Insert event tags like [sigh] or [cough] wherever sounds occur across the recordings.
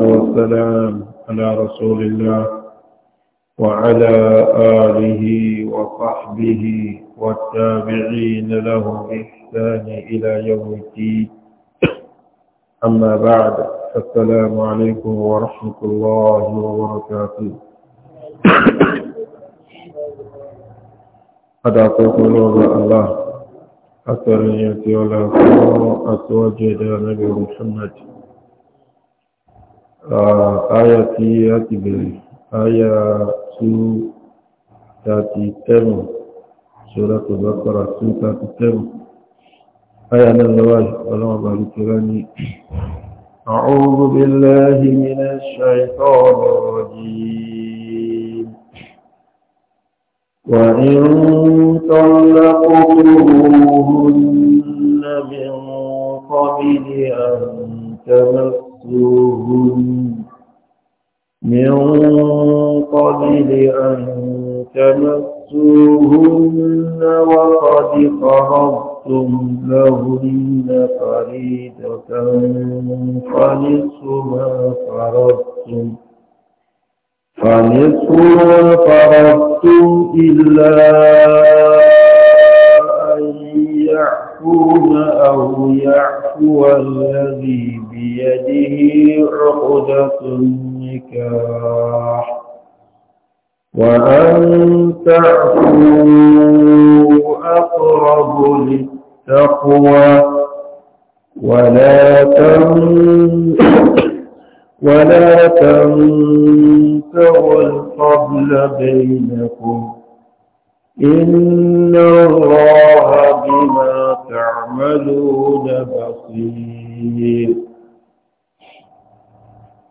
والصلاة والسلام على رسول الله وعلى آله وصحبه والتابعين له بإحسان إلى يوم الدين أما بعد السلام عليكم ورحمة الله وبركاته هذا قول الله أترني أتي ولا أتوجد نبي محمد aya tí a ti bẹ̀rẹ̀ aya 237 suratul Baqara 237 aya náà lọ́wọ́ ọlọ́wọ́ bàbí tó rá ní أعوذ بالله من الشيطان الرجيم وإن طلقتموهن من قبل أن تمسوا فاحصوهن من قبل أن تمسوهن وقد فرضتم لهن فريدة فنصف ما فرضتم فنصف ما فرضتم إلا أن يعفون أو يعفو الذي بيده عقدة النكاح وأن تعفوا أقرب للتقوى ولا تنسوا ولا تنسوا الفضل بينكم إن الله بما تعملون بصير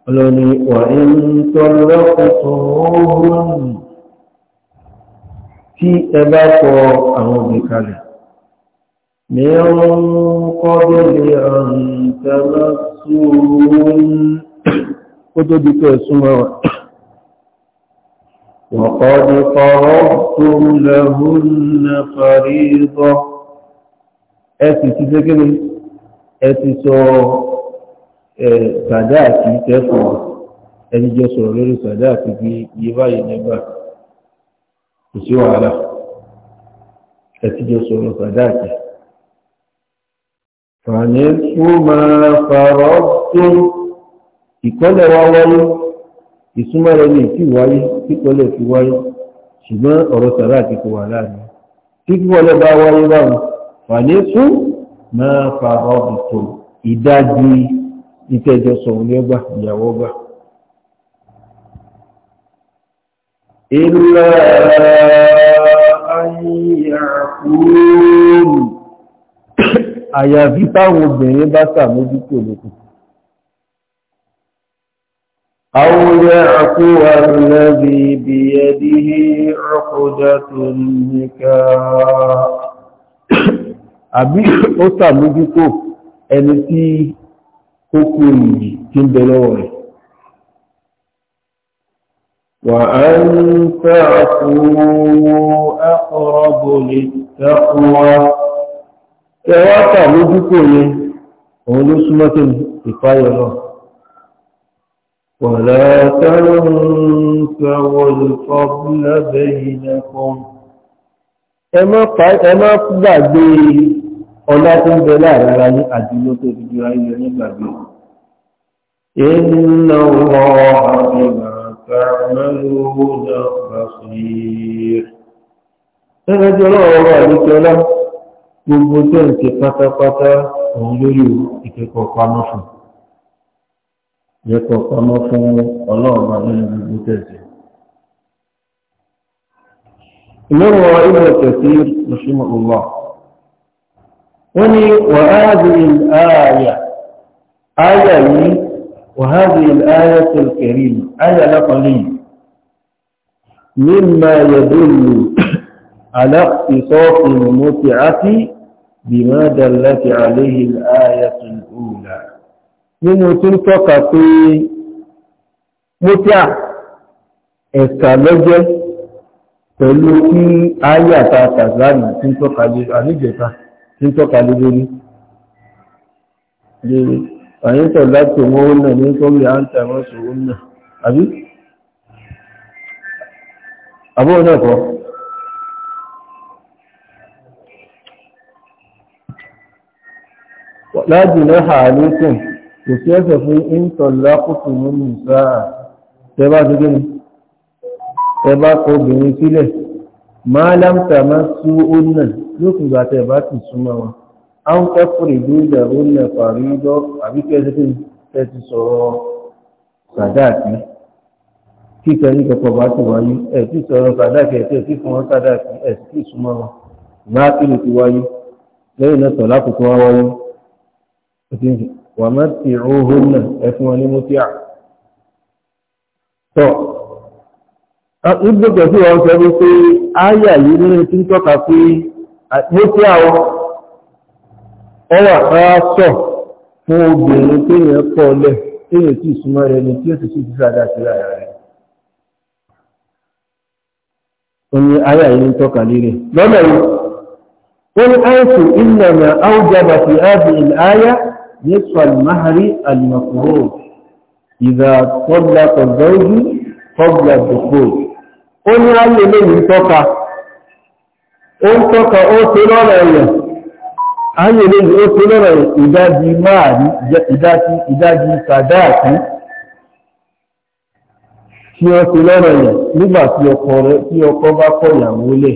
ọlọ́ni wàín tọ́lọ́pùtùrún tí ẹ bá kọ àwọn òbí kalẹ̀ mẹ́rún kọ́bẹ̀lẹ̀ ọ̀rùn tẹ́lọ́sùrún ó tó dìkẹ́ súnmọ́ wà وقد فرضتم لهن فريضة أتي تذكري أتي سو sàdá àti tẹ́fọ̀ ẹni jọ sọ̀rọ̀ lórí sàdá àti bí iye báyìí nígbà kò sí wàhálà ẹtí jọ sọ̀rọ̀ sàdá àti. fàní fún máa farọ́ tó ìkọ́lẹ̀ wá wáyé ìsúnmọ́ rẹ̀ ní ìtì wáyé kíkọ́lẹ̀ fi wáyé ṣùgbọ́n ọ̀rọ̀ sàdá àti kò wà láàrin tí kíkọ́lẹ̀ bá wáyé báwọn fàní fún máa farọ́ tó ìdájí ìtẹ́jọ sọ̀rọ̀ ní ọgbà ìyàwó ọgbà. Ilé ayàkúrò àyàfi táwọn obìnrin bá sàmójútó lókù. Àwọn yàkú àrùnlẹ́bí bí ẹdí ọkọ̀dá tó nìkà. Àbí ó sàmójútó ẹni tí kókó ìyí tí ń bẹ lọ́wọ́ rẹ̀. Wà á ń fẹ́ àkúrò ẹ́kọ̀ọ́bò lè tẹ́kọ̀ọ́. Ẹwà kà lójú kò yẹ, òun ló súnmọ́ tó ìfáyọ̀ lọ. Wàlá tẹ́rùn sẹ́wọ̀ lè fọ́ bílẹ̀ bẹ́yìn ẹ̀kọ́. Ẹ má gbàgbé ọlá tó ń bẹ láàrára ní àdúgbò tó fi jura yíyọ nígbàgbé iná wọ àfihàn kàmẹ́lúwọ́dà bàṣí ẹgbẹ́ tí ọlọ́wọ́ wà ní tọ́lá gbogbo tó ń ṣe pátápátá òun lórí ìkẹ́kọ̀ọ́ pamọ́ fún ìkẹ́kọ̀ọ́ pamọ́ fún ọlọ́ọ̀bà nínú gbogbo tẹ̀sẹ̀ ìlọ́wọ́ ilẹ̀ tẹ̀sí mùsùlùmí ọlọ́ọ̀ وني وهذه الآية آية لي وهذه الآية الكريمة آية لقلي مما يدل على اختصاص المتعة بما دلت عليه الآية الأولى من تلك قطي متعة إسكالجة pẹ̀lú kí ayé àtàkà تلك tí ń tọ́ka ń tọ́ka lórí lórí àyíntọ̀ láti wọ́n ó náà ní kọ́mí àǹtà wọ́n sọ ó náà àbí àbọ́ náà kọ́ láti náà àlékùn kò sí ẹ̀sẹ̀ fún ìntọ̀ lákòókò mú nìsáà tẹ́bá ti gẹ́ni tẹ́bá kọ obìnrin sílẹ̀ máa lámta máa sú ó nà lókùn ìgbà tẹ́ bá ti súnmọ́ wọn a ń kọ́ fún ìdúdà ó nà parí lọ àbí kẹ́sí tí tẹ́ ti sọ̀rọ̀ sàdáàkì kíkẹ́ ní kẹ́kọ̀ọ́ bá ti wáyé ẹ̀ tí sọ̀rọ̀ sàdáàkì ẹ̀ tí fún wọn sàdáàkì ẹ̀ tí súnmọ́ wọn máa kílù ti wáyé lẹ́yìn náà sọ̀rọ̀ àkókò wá wáyé wà má ti róhùn náà ẹ fún wọn ní mútíà tọ́ ibùdókòtò wọn sọ wípé áyà yìí nínú tí ń tọ́ka pé mo tí àwọ ọwà ara sọ fún obìnrin tí èèyàn kọ́ ọlẹ̀ tí èèyàn tí ìsúnmọ́ rẹ̀ ni tí ó sì sí ìdíṣẹ́ àdá sí ara rẹ̀ ó ní áyà yìí ń tọ́ka líle lọ́nà yìí ó ní àìsù ìlànà àwùjábà fi ábì ìláyà nípa ìmáharí àlùmọ̀kúrò ìgbà tọ́lá tọ́lá tọ́lá tọ́lá ó ní ayé lẹ́yìn tọ́ka ó ń tọ́ka ó ṣe lọ́rọ̀ ẹ̀yẹ̀ ayé lẹ́yìn ó ṣe lọ́rọ̀ ìdájí máàrí ìdájí ìdájí sàdáàkí tí ó ṣe lọ́rọ̀ ẹ̀yẹ̀ nígbà tí ọkọ rẹ̀ tí ọkọ bá kọ ìyàwó lẹ̀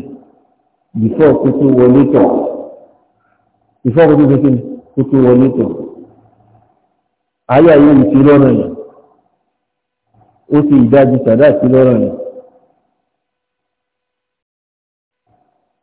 ìfọ́ ó ṣe ìdájí sàdáàkí lọ́rọ̀ ẹ̀yẹ̀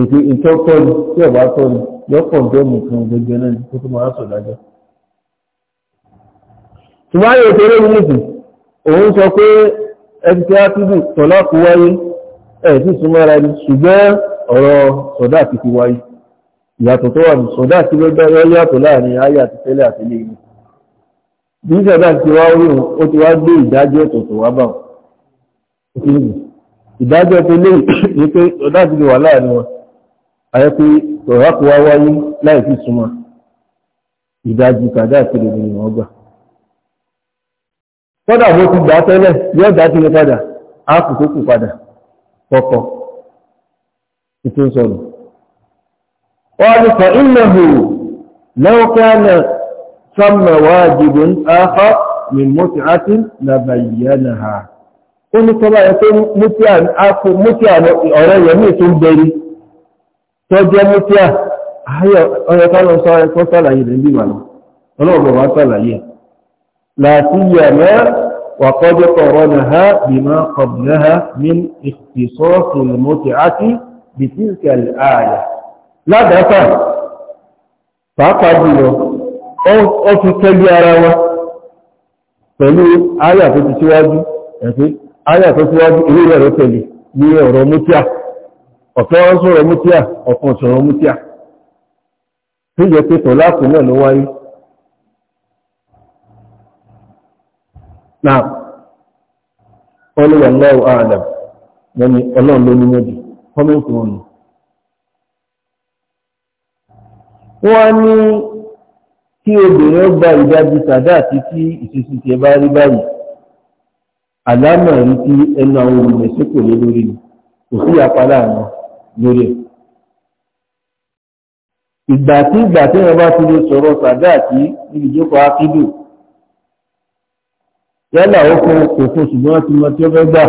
èdè ìtọ́ tọ́ni tí ọ̀bá tọ́ni lọ́pọ̀ dẹ́mù fún gbogbo náà tó tó máa sọ dájọ́. ṣùgbọ́n yóò tẹ́lẹ̀ ní ìsìn òun sọ pé ẹni tí a ti bù tọ́lá kú wáyé ẹ̀ sì súnmọ́ ara ni ṣùgbọ́n ọ̀rọ̀ sọ̀dá àti ti wáyé ìyàtọ̀ tó wà ní sọ̀dá àti lọ́dọ̀ yàtọ̀ láàrin ayé àti tẹ́lẹ̀ àti ilé ìlú bí sọ̀dá ti wá orí òun ó ti wá gbé ìdájọ́ ọ̀tọ̀ọ̀tọ̀ wá bá wọn ìdájọ́ tó lé ní [coughs] pé sọ̀dá àti wà láàrin wọn a pé tọ̀rọ̀pù wá wáyé láì fi súnmọ́ ìdajì kàdá àkèrè ni wọ́n gbà kọ́dà bó ti gbà tẹ́lẹ̀ yóò dá kí padà á kù tó kù padà kọ́kọ́ ètò sọ̀rọ̀ wọ́n ní fa innahu law kana samma tó jẹ́ mútíà ọyọ tánà sọ ẹ̀kọ́ sàlàyé rẹ̀ nígbà náà ọlọ́ọ̀bọ̀ wá sàlàyé láti yẹ̀mẹ́ وقد قرنها بما قبلها من اختصاص المتعة بتلك الآية لا دفع فقدوا أو في كليارا pẹ̀lú ayà tó ti síwájú ẹ̀fẹ́ ayà tó síwájú ilé rẹ̀ tẹ̀lé ní ọ̀rọ̀ mútíà ọ̀fẹ́ wọn sọ̀rọ̀ mútíà ọ̀kan sọ̀rọ̀ mútíà tó yẹ pé tọ̀láàkù náà ló wáyé náà wọ́n ní wàláwù àdàm wọ́n ní ọlọ́run ló ní méjì kọ́mẹ́ǹtì wọn nù wọ́n ní kí obìnrin ó gba ìdajì sàdá àti kí ìṣesí tiẹ̀ bá rí báyìí àlámọ̀ rí tí ẹnu àwọn olùmẹ̀sí kò lé lórí kò sí apá láàrin lórí ẹ̀. ìgbà tí ìgbà tí wọ́n bá ti lè sọ̀rọ̀ sàdáàkì níbi ìjókòó akídù yálà ó fún kò fún ṣùgbọ́n ti mọ tí ó fẹ́ gbà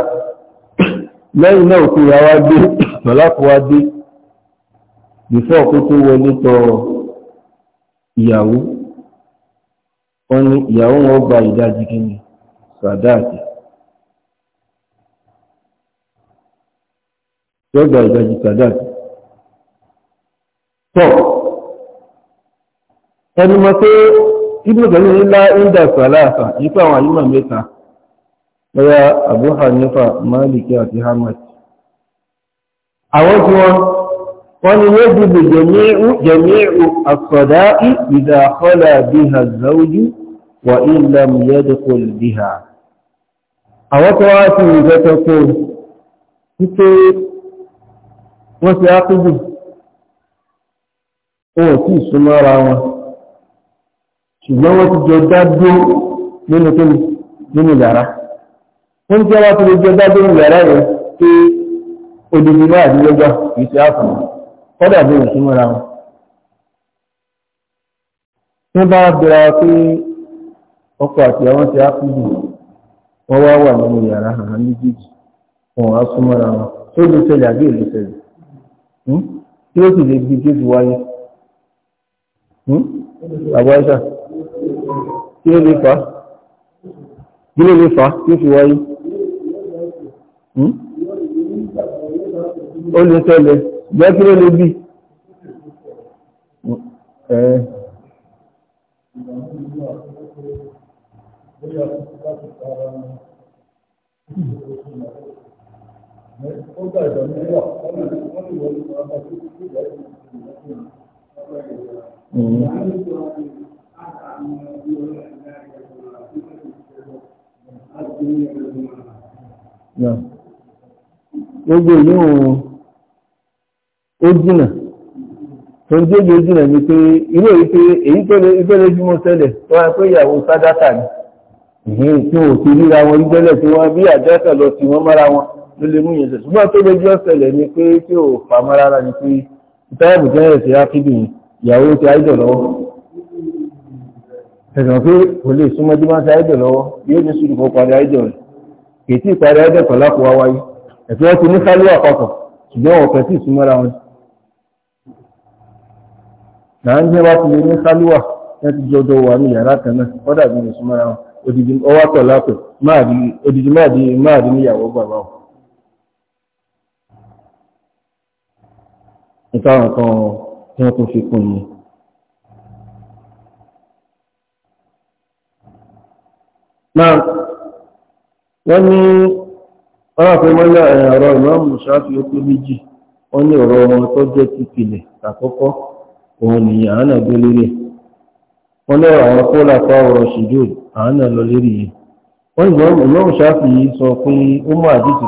lẹ́yìn náà kò yà wá dé mọ̀láfò dé bífọ́ kó tó wọlé tọ ìyàwó wọn ni ìyàwó wọn gba ìdajì kí ni sàdáàkì yóò gba ìdajì sàdáàkì tọ́ ẹni mọ́ pé ibùdó tẹ̀lé ńlá ìdá sàláàfà nípa àwọn àyímọ̀ mẹ́ta lọ́yà Abu Hanifa Maliki àti Ahmad àwọn tí wọ́n wọ́n ni yóò dìbò jẹ̀míìrù àsọ̀dáì ìdá àkọlà bí ha záwójú wà ìlàm yẹ́dẹ̀kọ̀ bí ha wọ́n ti ápùgbù ohun tí ìsúnmọ́ ara wọn ṣùgbọ́n wọ́n ti jẹ dádó nínú tó nínú yàrá wọ́n ti wá ti jọ dádó nínú yàrá rẹ̀ pé odòdó náà àti lọ́gbà kìí ṣe ápù kọ́dà bí ìsúnmọ́ ara wọn tí wọ́n bá bẹ̀rẹ̀ pé àti àwọn ti wọ́n wá wà nínú yàrá méjèèjì wọn á súnmọ́ra Hmm? kí ó sì lè bí kí ó ti wáyé hmm? àbọ̀ ẹ̀ṣà kí ló lè fà á kí ló lè fà á kí ó fi wáyé hmm? ó lè ṣẹlẹ̀ jẹ́ kí ló lè bí ẹ̀ẹ́ Thank you ó gbà ìjọ ní wà wọ́n lè wọ́n lè wọlé ọ̀rọ̀ bá tó tó wà ní ìlú gbogbo yóò ó jìnà tó ń gbogbo jìnà ni pé irú èyí pé èyí tó lè ifẹ́ lójúmọ́ tẹ́lẹ̀ tó wá pé ìyàwó sádátà ni ìhìn tí wọn ò ti ríra wọn gbẹ́lẹ̀ tí wọ́n bí àjẹ́kẹ̀ lọ sí wọ́n mọ́ra wọn ló lè mú yẹn ṣe ṣùgbọ́n tó lójú ọ̀sẹ̀lẹ̀ ni pé tí ò fà mọ́ rárá ni pé ìtàyàbù jẹ́ ẹ̀sẹ̀ ákídì ìyàwó ti áìdọ̀ lọ́wọ́ ẹ̀sàn pé kò lè súnmọ́ tí máa ń ṣe áìdọ̀ lọ́wọ́ yóò ní sùúrù fún parí áìdọ̀ rẹ̀ kì í tí parí áìdọ̀ pẹ̀lú àpò wáyé ẹ̀sìn wọn ti ní sálú àpapọ̀ ṣùgbọ́n ọ̀pẹ sì súnmọ́ra wọn náà ń jẹ́ wá ti lè ní sálúwà láti jọjọ wà ní yàrá kan náà kọ́dà bí mo súnmọ́ra wọn odidi ọwọ́ pẹ̀lú àpẹ̀ máà di níyàwó bàbá wọn ìtàwọn kan tí wọ́n tún fi kún yìí náà wọ́n ní eh, ọ̀rọ̀ pé mọ́lẹ̀ ọ̀rọ̀ méjì wọ́n ní ọ̀rọ̀ wọn tó àkọ́kọ́ òun ni gbé wọ́n ní àwọn kó lápá ọ̀rọ̀ ṣìdó àánà lọ yìí wọ́n sọ pé ó mú àdìsí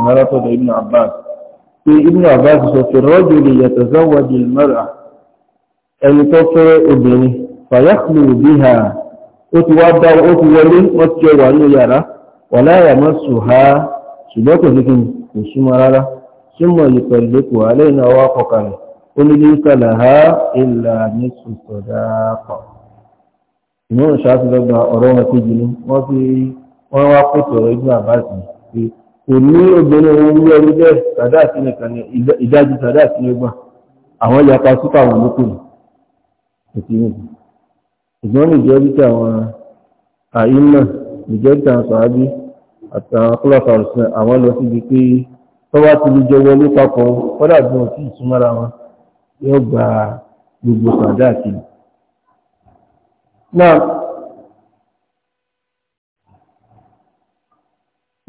pé ibùdó àbáṣe sọ pé rọ́jò lè yàtọ̀ sáwọ́dì mọ́ra ẹni tó fẹ́ obìnrin fàyàkùlù bí ha ó ti wá dá ó ti wọlé wọ́n ti wà ní yàrá wà láyà mọ́ sùn ha ṣùgbọ́n kò síkìn kò súnmọ́ rárá súnmọ́ yìí pẹ̀lú kò alẹ́ iná wá ó ní ní kàlà ha ìlà ní sùkọ̀dá pọ̀ ìmọ̀ ìṣàtúndọ̀gba ọ̀rọ̀ wọn kejì ni wọ́n fi wọ́n wá kó sọ̀rọ̀ ibùdó àbáṣe pé kò ní obìnrin wọn ní ẹrú bẹ́ẹ̀ sàdáàtì nìkan ní ìdájú sàdáàtì ní ọgbà àwọn yapa súpà wọn ló kùnù ètí nìkan ṣùgbọ́n nìjẹ́ bí àwọn àìmọ̀ nìjẹ́ bí àwọn sàábí àtàwọn kọlọ́fà àwọn lọ pé tọ́wá gbogbo sàdáàtì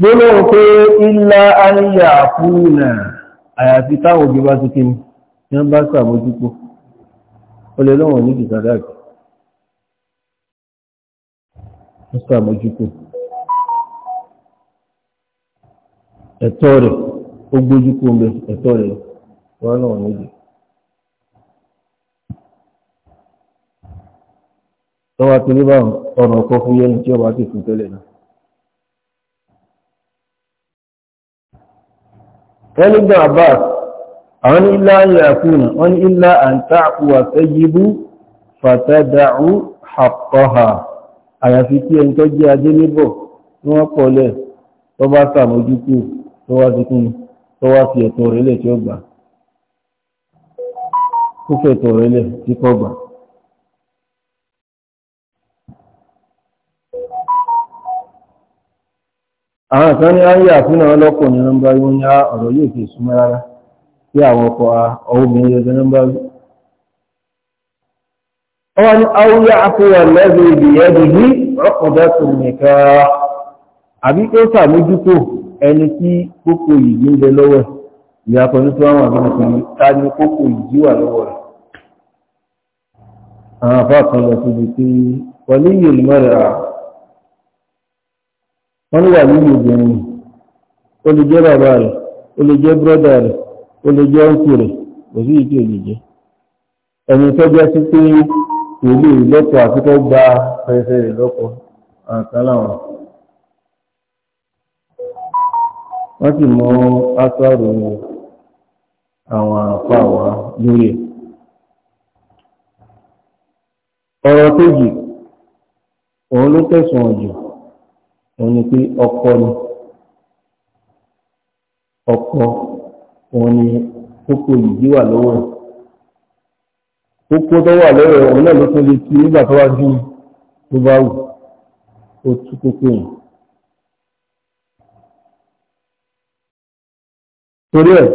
gbólóhùn pé ilá ayíyà fúnà àyàfi táwọn òbí bá ti kí ní wọ́n bá sàmójúpò ó lè lọ́wọ́ ní ìsàdáàkì ó sàmójúpò ẹ̀tọ́ rẹ̀ ó gbójúpò mẹ́ ẹ̀tọ́ rẹ̀ wọ́n lọ́wọ́ méjì tọ́wọ́ tó ní bá ọ̀rọ̀ ọkọ̀ fúyẹ́ ní tí ọba ti fún tẹ́lẹ̀ náà wọ́n ní gbọ́n abbas àwọn ní ilá yàkúnà wọ́n ní ilá àǹtàkùwà tẹ́yìbú fàtàdàú haqqaha àyàfi kí ẹni tó jẹ́ ajé níbọ̀ tí wọ́n kọlẹ̀ tó bá sàmójúkú tó wá sí tó wá fi ẹ̀tọ́ rẹ̀ tí ó gbà àwọn kan ní ayé àfihàn ọlọ́pọ̀ ní nọ́mbà yóò ní ọ̀rọ̀ yóò fi súnmọ́ rárá sí àwọn ọkọ̀ ọmọbìnrin yóò jẹ́ nọ́mbà yóò ọwọ́ ni awúyá àfihàn lẹ́bí ìgbìyànjú ní ọkọ̀dẹ́kùn nìkan àbí ó sàmójútó ẹni tí kókò yìí ń bẹ lọ́wọ́ ìyàtọ̀ ní tí wọ́n wà nínú ìpínlẹ̀ ta ni kókò yìí wà lọ́wọ́ rẹ̀ àwọn àfáà kan lọ síbi wọ́n wà nínú obìnrin o lè jẹ́ bàbá rẹ̀ ó lè jẹ́ brọ́dà rẹ̀ ó lè jẹ́ ọ̀nkù rẹ̀ kò sí ìdí òjijì ẹni tó jẹ́ sí pé kò lè lọ́kọ̀ àti tó gba pẹ̀lẹ́pẹ̀ rẹ̀ lọ́kọ̀ àǹkan láwọn wọ́n sì mọ ásọ́rò àwọn àpá wa lórí ọ̀rọ̀ kejì òun ló tẹ̀sùn ọ̀jọ̀ òun ni pé ọkọ ni ọkọ òun ni kókó yìí wà lọ́wọ́ ẹ̀ kókó tó wà lọ́wọ́ ẹ̀ òun náà ló tún lè ti nígbà tó wá bí tó bá wù ó tú kókó yìí. torí ẹ̀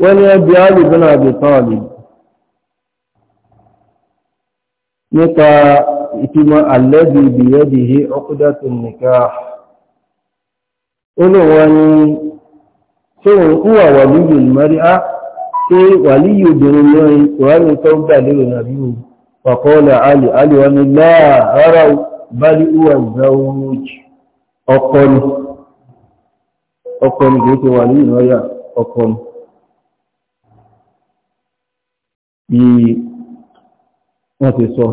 wọ́n ní ẹbí alùpùpù náà àgbẹ̀tàn àlè nípa ìtumọ̀ alẹ́bí ìbìyẹ́dì yí ọkúdátù nìkan olóòwà ni ṣóhun kúwà wàlúyù mẹ́rí á tí wàlúyù obìnrin lórin kòránì tó gbà lérò nàbí o pàkọ́ọ̀lá alì alìwà ni láà rárá bálí wọ́n ti sọ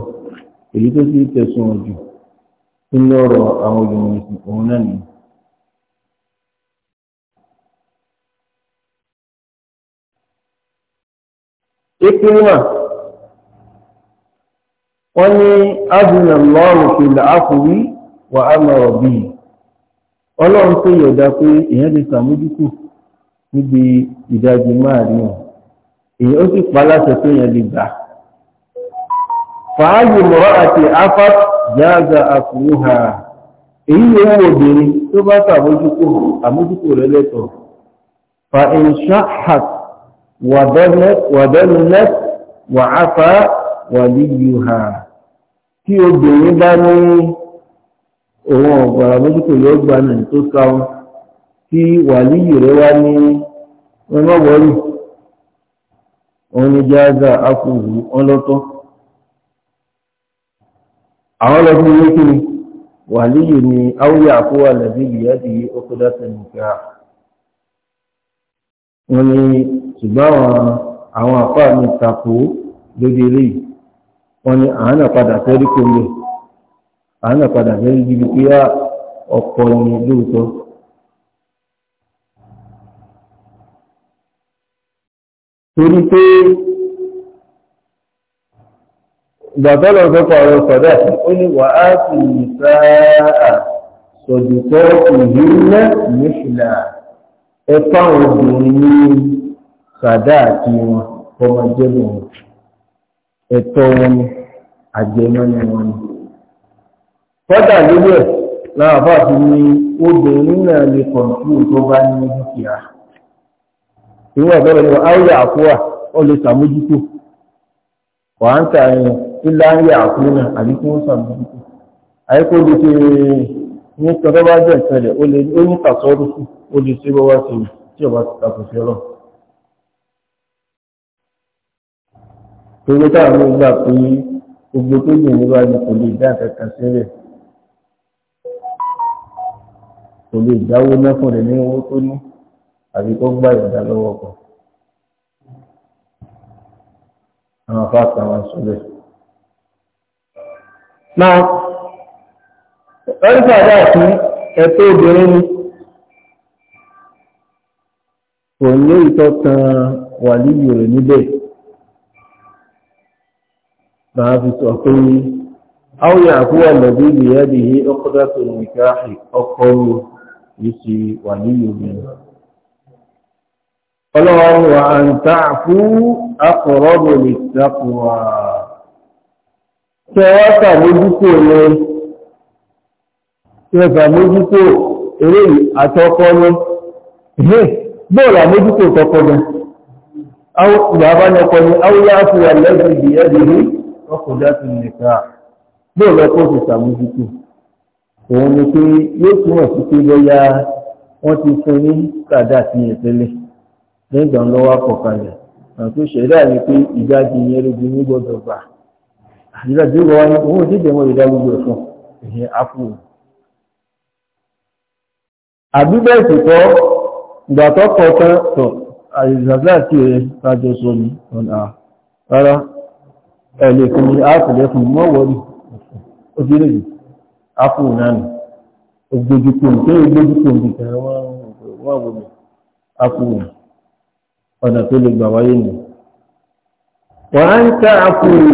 èyí tó sì tẹ̀sùn jù fún lọ́rọ̀ àwọn olùmọ̀ ẹ̀sìn òun náà nìyí. Ikirima wọ́n ní azùnà lọ́rùn fìlà áfùrí wà á mọ̀ ọ̀bí. Ọlọ́run tó yọ̀dá pé èèyàn lè sàmójúkù níbi ìdajì máa rí Èèyàn ó sì pa láṣẹ pé èèyàn lè gbà. fàájì mọ̀rọ̀ àti afat jáàzà àkùnúhà èyí ni wọ́n obìnrin tó bá sàmójúkò àmójúkò rẹ̀ lẹ́tọ̀ fa inṣáhàt wàdẹ́nulẹ́t wà áfà wàlíyùhà tí obìnrin bá ní òun ọ̀gbà àmójúkò yóò gbà náà tó sáwọn tí wàlíyù rẹ̀ wá ní wọn wọ́rù òun ni àwọn lọ sí wíkí ni wàlíyù ni áwúyà àkówà lẹ́bí ìyẹ́dì ókúdọ́sẹ̀ nìkà wọn ni ṣùgbọ́n àwọn àpá mi tako lóde ilé wọn ni àánà padà fẹ́rí kòlè àánà padà fẹ́rí gidi pé ọ̀pọ̀ ni lóòótọ́ torí pé gbàtọ́lọ̀ sọ́kọ̀ ọ̀rọ̀ sọ̀dá ó ní wà á sì sáà sọ̀dùkọ́ ìhìnlẹ̀ mìṣìlá ẹ̀fà obìnrin ní sàdá àti wọn ọmọ jẹ́bù wọn ẹ̀tọ́ wọn àjẹmọ́ni wọn ni. fọ́dà lórí ẹ̀ láàbà ti ní obìnrin náà lè kọ̀ǹtù tó bá ní dúkìá ìwọ̀n ọ̀dọ́rọ̀ ni wọ́n á yà àkúwà ó lè sàmójútó wà á ń tà ilá ń yà kú náà àbí kí wọ́n sàmójútó àyíkó lè ṣe ní tọ́jọ́ bá jẹ́ ìṣẹ̀lẹ̀ ó ní tàṣọ́rùkù ó lè ṣe bọ́wá sí i tí ọba ti tàkùn sí ọlọ́run. torí táwọn ìgbà pé gbogbo tó jù níwájú kò lè dá kẹta sílẹ̀ kò lè dáwó mẹ́fún rẹ̀ ní owó tó ní àbí kó gbà ìdá lọ́wọ́ kan. àwọn afáàkà wọn sọ bẹ́ẹ̀. na ẹ̀rí sàdá fún ẹ̀tọ́ obìnrin ni kò ní ìtọ́kan wàlíyù rẹ̀ níbẹ̀. Màá fi sọ pé áwòyà àkúwà lọ́bí ìyẹ́dì yí ọkọ̀dá tó ní káàkiri ọkọ̀ ní yìí ti wàlíyù rẹ̀. Ọlọ́run wa ń akọ̀rọ̀bọ̀ lè tẹ wọ́n sàmójútó ni tẹ sàmójútó eré àtọkọ ni bóòlù àmójútó tọkọ ni ìyàbá ni ọkọ ni áwúyá fún ẹlẹ́gbẹ̀ẹ́ ìdíyẹ́dì ní ọkọ̀ dátì nìkan bóòlù ọkọ̀ ti sàmójútó òun ni pé yóò túmọ̀ sí pé bóyá wọ́n ti fún ní kàdá sí ìpínlẹ̀ nígbà ńlọ́wọ́ àkọ́kànlẹ̀ àti ìṣẹ̀dá ni pé ìdájí yẹn lójú ní gbọ́dọ̀ gbà àdúrà tí ó wọ́n ní owó dídè wọn ìdá gbogbo ẹ̀fọn ìyẹn ápù àbíbẹ̀ ìsìnkọ́ ìgbà tó kọ̀ tán tọ̀ àìsàdúrà tí ó yẹ lájọ sọ ní ọ̀nà rárá ẹ̀lẹ́ fún mi áàpùlẹ̀ fún mọ́ wọ́lì ó ti rèé ápù náà nì ògbójúkò tó ògbójúkò nìkan وأن تعفوا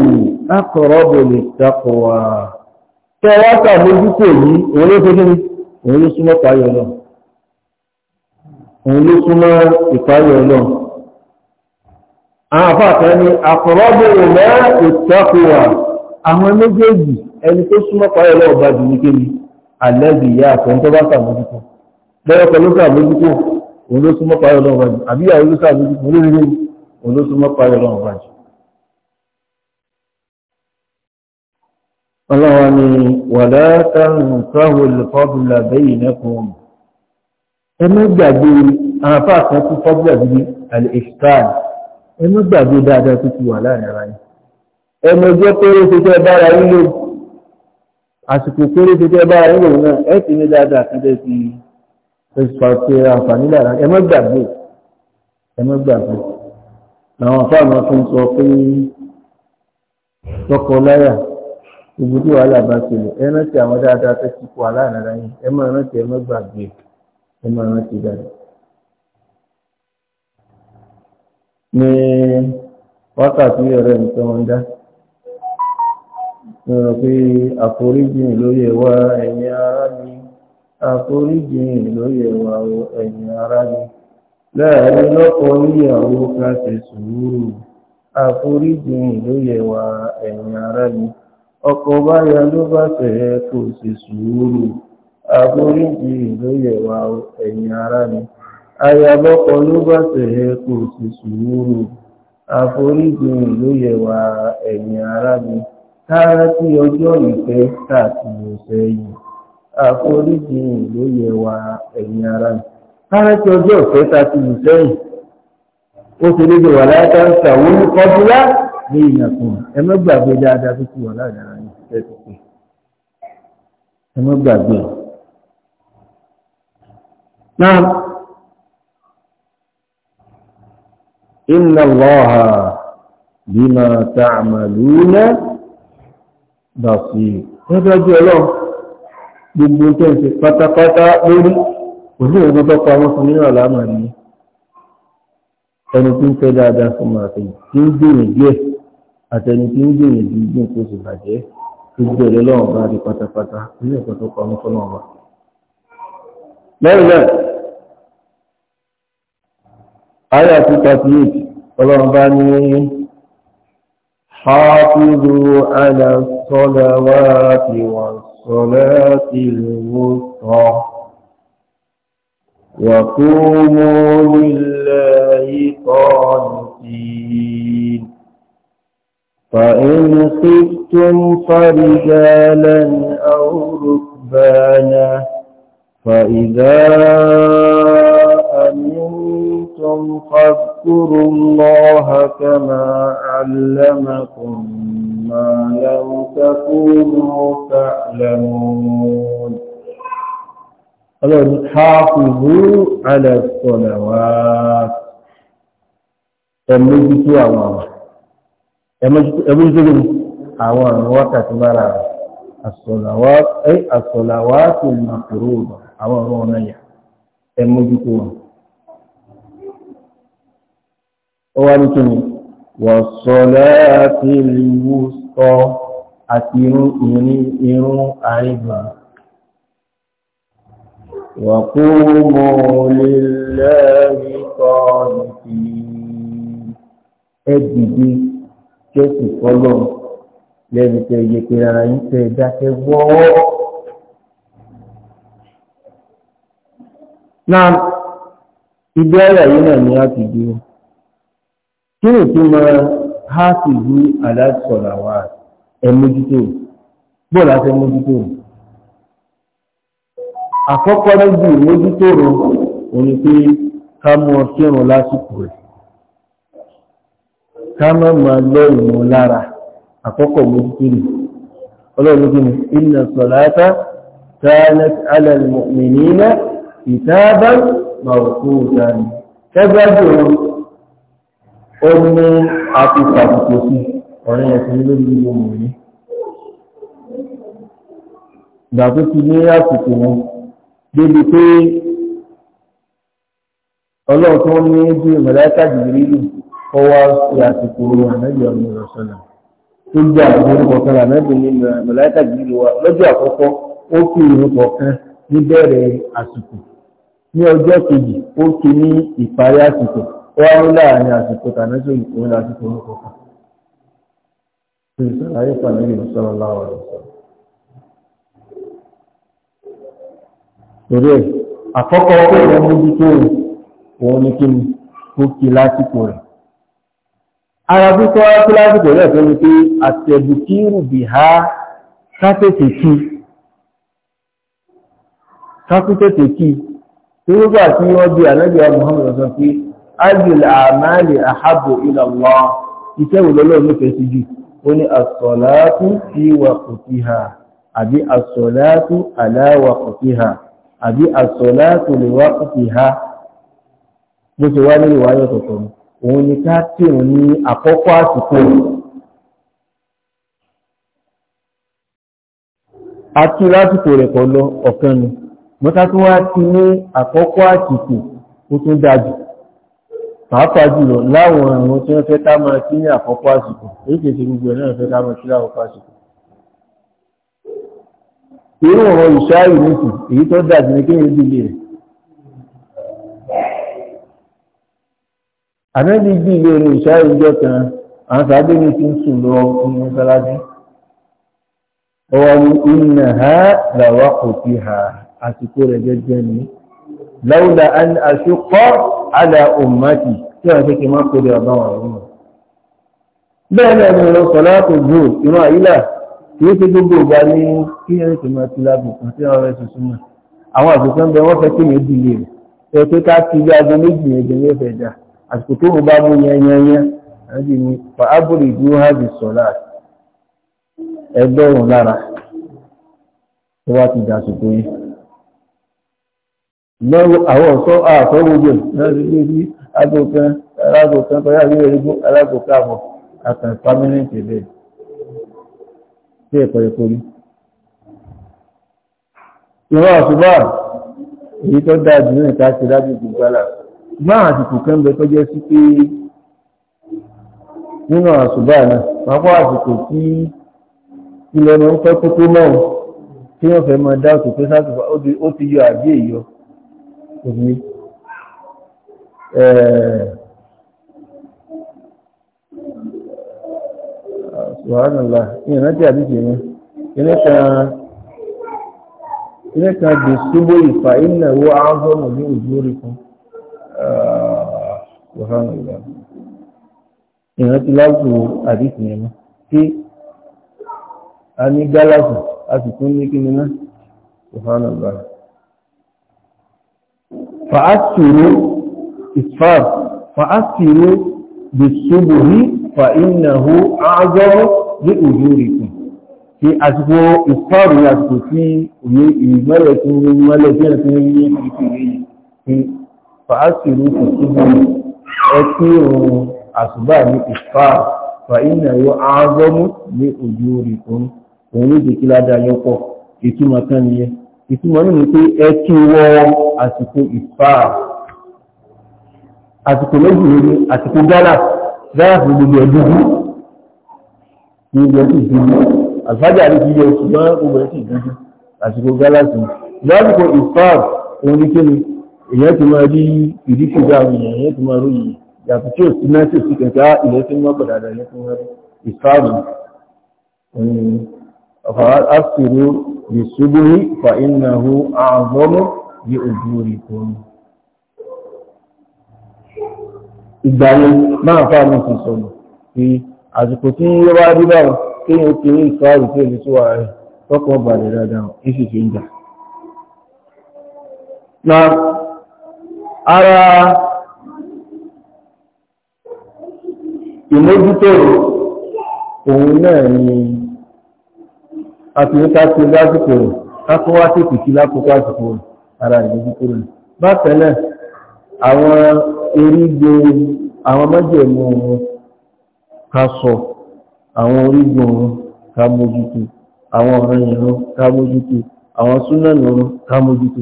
أقرب للتقوى تواقع بجسدي وليس وليسما طيلا وليسما طيلا أعفاك يعني أقرب إلى التقوى أما نجدي أن تسمى طيلا وبعد نكني الذي يأكل تواقع بجسدي لا يقلوك بجسدي وليسما طيلا وبعد أبي أولوك بجسدي وليسما طيلا وبعد ọlọ́wọ́ ni wàlá tansahu al-fadla bainakum ẹ má gbàgbé àǹfà kan tí fọ́bùlà bíi al-ihsan ẹ má gbàgbé dáadáa tó ti wà láàrin ara yìí ẹ má jẹ́ péré ṣe jẹ́ bára yín lò àsìkò péré ṣe jẹ́ bára náà ẹ ní dáadáa kan tẹ́ ti ṣe àǹfààní lára gbogbo tí wàhálà bá ṣẹlẹ̀ ẹ rántí àwọn dáadáa tó ti kó aláàrá yín ẹ máa rántí ẹ má gbàgbé ẹ máa rántí dáadáa. ní wákàtí ọ̀rẹ́ mi tó wọn dá mo rò pé àforíjìn lórí ẹ̀wà ẹ̀yìn ara mi àforíjìn lórí ẹ̀wà ẹ̀yìn ara mi láàrin lọ́kọ níyàwó ká ṣe sùúrù àforíjìn lórí ẹ̀wà ẹ̀yìn ara mi. Ọkọ báyọ̀ ló bá fẹ̀ẹ́ kò sì sùúrù àforíjì ló yẹ̀wà ẹ̀yìn ara ni ayàbọ́kọ̀ ló bá fẹ̀ẹ́ kò sì sùúrù àforíjì ló yẹ̀wà ẹ̀yìn ara ni kára tí ọjọ́ ìfẹ́ káàkiri sẹ́yìn àforíjì ló yẹ̀wà ẹ̀yìn ara ni tí ọjọ́ ìfẹ́ káàkiri ó ti rí bí wà ní èèyàn kan ẹ má gbàgbé dáadáa tó ti wà láàrin ara yìí ṣe ti pè ẹ má gbàgbé. náà inna Allaha bima ta'maluna basir nígbàjú ọlọ́run gbogbo tó ń ṣe pátápátá lórí òní ìwé tó pa wọn fún nínú àlámà ni ẹni tí ń fẹ́ dáadáa fún màá fi ń gbìyànjú ẹ̀ àtẹni tí ó gbìyànjú gbìn kó sì bàjẹ́ gbogbo ẹ̀rẹ́ lọ́wọ́ bá di pátápátá ilé ẹ̀kọ́ tó pamọ́ fọ́nà ọba. lẹ́yìn náà ayé àti patriot ọlọ́run bá ní حافظوا على الصلوات والصلاة الوسطى وقوموا لله قانتين فإن خفتم فرجالا أو ركبانا فإذا أمنتم فاذكروا الله كما علمكم ما لم تكونوا تعلمون حافظوا على الصلوات تمجتوا الله ẹmójútóbi àwọn àrùn wákàtí mára àsọ̀làwátì màkúrò àwọn ọ̀rọ̀ ọ̀nà yà ẹmójútó wọn. ó wá ní kíni wọ̀sọ̀láàtì lùwúsọ àti irun àìgbà wàkúmọ̀ lélẹ́rìí kọ́ọ̀dì ẹ̀dìdì tí ó sì fọ́lọ́ lẹ́nu tẹ yẹpẹ ara yín tẹ dákẹ́ wọ́ọ́. náà ibi ọ̀rọ̀ yìí náà ni a ti dúró kí ni tí mo há sí ìlú aláṣọ̀lá wa ẹ mójútó bóòlù àti mójútó àkọ́kọ́ níbi ìmójútó rò òun ni pé ká mú ọ kírun lásìkò rẹ̀ ká má máa lọ ìmọ̀ lára àkọ́kọ́ mójútó nì ọlọ́run kí ni inna salata kanat ala al-mu'minina kitaban mawquta ni kẹ́gbẹ́jọ ó ní àtúntàkùkù sí ọ̀rẹ́ ẹ̀sìn lórí ìlú mòní ìgbà tó ti ní àsìkò wọn débi pé ọlọ́run tó kọ́wá sí àsìkò ànábì ọmọ ìrọ̀sọ́nà tó gbé àwọn orúkọ kan ànábì ní mẹ̀láìkà gírí wa lọ́jọ́ àkọ́kọ́ ó kí orúkọ kan níbẹ̀rẹ̀ àsìkò ní ọjọ́ kejì ó kí ní ìparí àsìkò ó wá ní láàrin àsìkò tànáṣọ ìkòwé àsìkò orúkọ kan. ṣe ìṣàlàyé pàdé ìrọ̀sọ́nà láwọn torí àkọ́kọ́ ọkọ̀ ìrọ̀mójútó òun ni kí ni ó kí lásìkò rẹ̀ ara bí tó wá kíláàsì pẹ̀lú ẹ̀fẹ́ ni pé àtẹ̀bùkírù bì há sáfẹ́tẹ̀ kí sáfẹ́tẹ̀ kí tí ó gbà tí wọ́n bí ànábì Muhammad sọ pé ágìl àmàlì àhábò ila Allah iṣẹ́ wò lọ́lọ́ nífẹ̀ẹ́ sí jù ó ní àsọ̀láàtú sí wà kò sí ha àbí àsọ̀láàtú aláwà kò sí ha àbí àsọ̀láàtú lè wá kò sí ha bó ṣe wá ní ìwáyọ̀ tọ̀tọ̀ òun ni ká kírun ní àkọ́kọ́ àsìkò àti lásìkò rẹ̀ kọ̀ lọ ọ̀kan ni mọ́ta tó wá ti ní àkọ́kọ́ àsìkò ó tún dájú pàápàá jùlọ láwọn àwọn tí wọ́n fẹ́ ká máa kí ní àkọ́kọ́ àsìkò èyí kèsì gbogbo ẹ̀ náà fẹ́ ká máa kí láàkọ́kọ́ àsìkò irú ọ̀rọ̀ ìṣáàrì nìkù èyí tó dájú ní kéèyàn dìlé rẹ̀ ànábì bí ìlérò ìṣá ìjọ kan àwọn sábẹ ní ti ń sùn lọ ní mọ́sálásí ọwọ́ ní iná ha làwọn kò fi hà àsìkò rẹ̀ jẹ́jẹ́ ni láwùdà àṣùkọ àdà òmùmátì tí wọ́n ṣe kí má kó lè ọ̀bá wọn lọ́wọ́ bẹ́ẹ̀ náà ni ọ̀rọ̀ sọ̀rọ̀ àpò jù ìran àyílà kìí ṣe gbogbo ìgbà ní kí ẹ̀rìn tó máa ti lágùn kan sí ọ̀rọ̀ ẹ̀sùn súnmọ́ àwọn àbùkù ń bẹ wọ́n fẹ́ kí ní ìdílé rẹ̀ ẹ̀ pé ká ti bí aago méjì yẹn jẹ́ ní ẹ̀fẹ̀ dà àsìkò tó ń bá mú yẹnyẹnyẹ àbí ni fàábùrì dúró hábì sọ̀lá ẹgbẹ́rún lára tó wá ti dà sùkú yìí lọ́rọ̀ àwọn ọ̀sọ́ àtọ́ gbogbo lọ́rọ̀ ilé ní agbókan alágbókan pẹ̀lú àríwẹ̀ igbó alágbókan àbọ̀ àtàn pàmílẹ̀ntì ẹ̀bẹ̀ tí ẹ̀kọ́ ẹ̀kọ́ rí ìwọ́n àṣùbà èyí tó dáa jù ní ìta ti rájú gbogbo máa àsìkò kemgbe bẹ tó jẹ́ sí pé nínú àṣùbà náà máa kọ́ àsìkò tí ilẹ̀ ọmọ ń fẹ́ kókó náà tí wọ́n fẹ́ máa dá òkè pé ó yọ àbí èyọ òní àdíjì wàhánà ìlà ìran ti láwùjọ àdìsí yẹn mọ tí a ní gálàsì a sì tún ní kíni náà wàhánà ìlà fàásìrò ìfàr fàásìrò bìṣubùhí fàínàhó àádọ́rọ̀ ní òjò rìkùn tí àsìkò ìfàrù àsìkò tí òye ìmọ̀lẹ̀ tí ń mọ́lẹ̀ tí ń rí ní ìfìrí fàásìrú ti túbú ẹkí òun àṣùbà ní ìfà fà iná ìwọ ààzọ́mú ní ojú orí òun òun ló jẹ́ kí ládàá yọ pọ̀ ìtumọ̀ kan nìyẹn ìtumọ̀ nínú pé ẹkí wọ àsìkò ìfà àsìkò méjì ní àsìkò gánà gánà fún gbogbo ẹdúgbù ní ìgbẹ́ sì dúdú àlùfájà ní kí yẹ gbogbo ẹ̀ sì àsìkò gánà sí lásìkò ìfà òun ní kí èyàn ti máa rí ìrísí ìgbà àwọn èèyàn èyàn ti máa rí yìí yàtọ̀ tí ò sí náà tí ò sí kẹta ilẹ̀ tí wọ́n pẹ̀lú àdáyé fún wọn ìsáàbù ọ̀fà lè ṣubú rí fa iná hu àgbọ́mọ́ ní ojú orí kan. ìgbà ni máa fà mí ti sọ̀rọ̀ pé àsìkò tí ó wá rí báwọn kéèyàn kéré ìsáàbù tí ò ní síwá rẹ̀ tọkọ̀ balẹ̀ dáadáa ìṣìṣẹ́ ìjà ara ìmójútòrò òun náà ni a ti ní ká ti lásìkò rẹ̀ ká tó wá àsìkò rẹ̀ ara ìmójútòrò rẹ̀ bákan náà àwọn erígun àwọn mọ́jẹ̀mú wọn ká sọ àwọn orígun wọn ká mójútó àwọn ọ̀ràn ìran ká mójútó àwọn súnà ká mójútó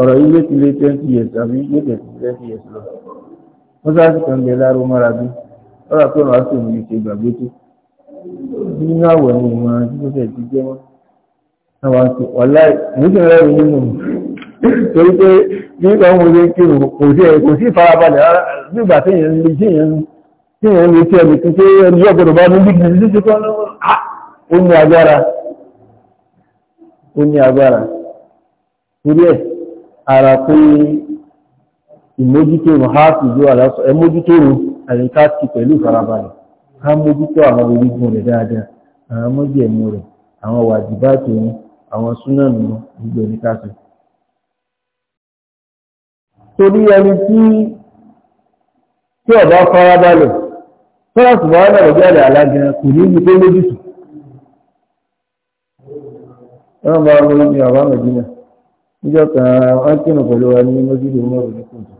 ọ̀rọ̀ yìí ló ti lé twenty years àbí yóò tẹ̀ sí twenty years lọ wọ́n sáà sì kàn bẹ láró mọ́ra bí ọ̀rọ̀ pé wọ́n á sì mú ìṣe gbàgbé tó nínú àwọ̀ ni ìmọ̀ tí ó tẹ̀ ti jẹ́ wọ́n àwọn àti ọ̀la ìmúṣẹ́ rẹ̀ nínú torí pé bí ọmọ ilé kírun kò sí kò sí ìfarabalẹ̀ rárá nígbà tí èèyàn lè tí èèyàn tí èèyàn lè tí ẹni tó ṣe ẹni yóò gbọdọ̀ bá ní bí kìí sí ṣetán lọ́wọ́ ó ní agbára ó ní agbára torí ẹ̀ ara pé ìmójútórun háàpìjó àlásọ ẹmójútórun àríká ti pẹ̀lú ìfarabalẹ̀ ká mójútó àwọn orígun rẹ̀ dáadáa àwọn mọ́jẹ̀mú rẹ̀ àwọn wàjìbáàtì wọn àwọn súnánù wọn gbogbo ẹni káṣẹ. torí ẹni tí tí ọba farabalẹ̀ fọ́nàtì wọn náà jáde alágbèrè kò ní ibi tó lójútù. wọ́n bá wọn ní ọ̀bá mẹ́jìnà níjọ́ kan wọ́n kírun pẹ̀lú wa ní mọ́sídìí mọ́rùn ní kùtù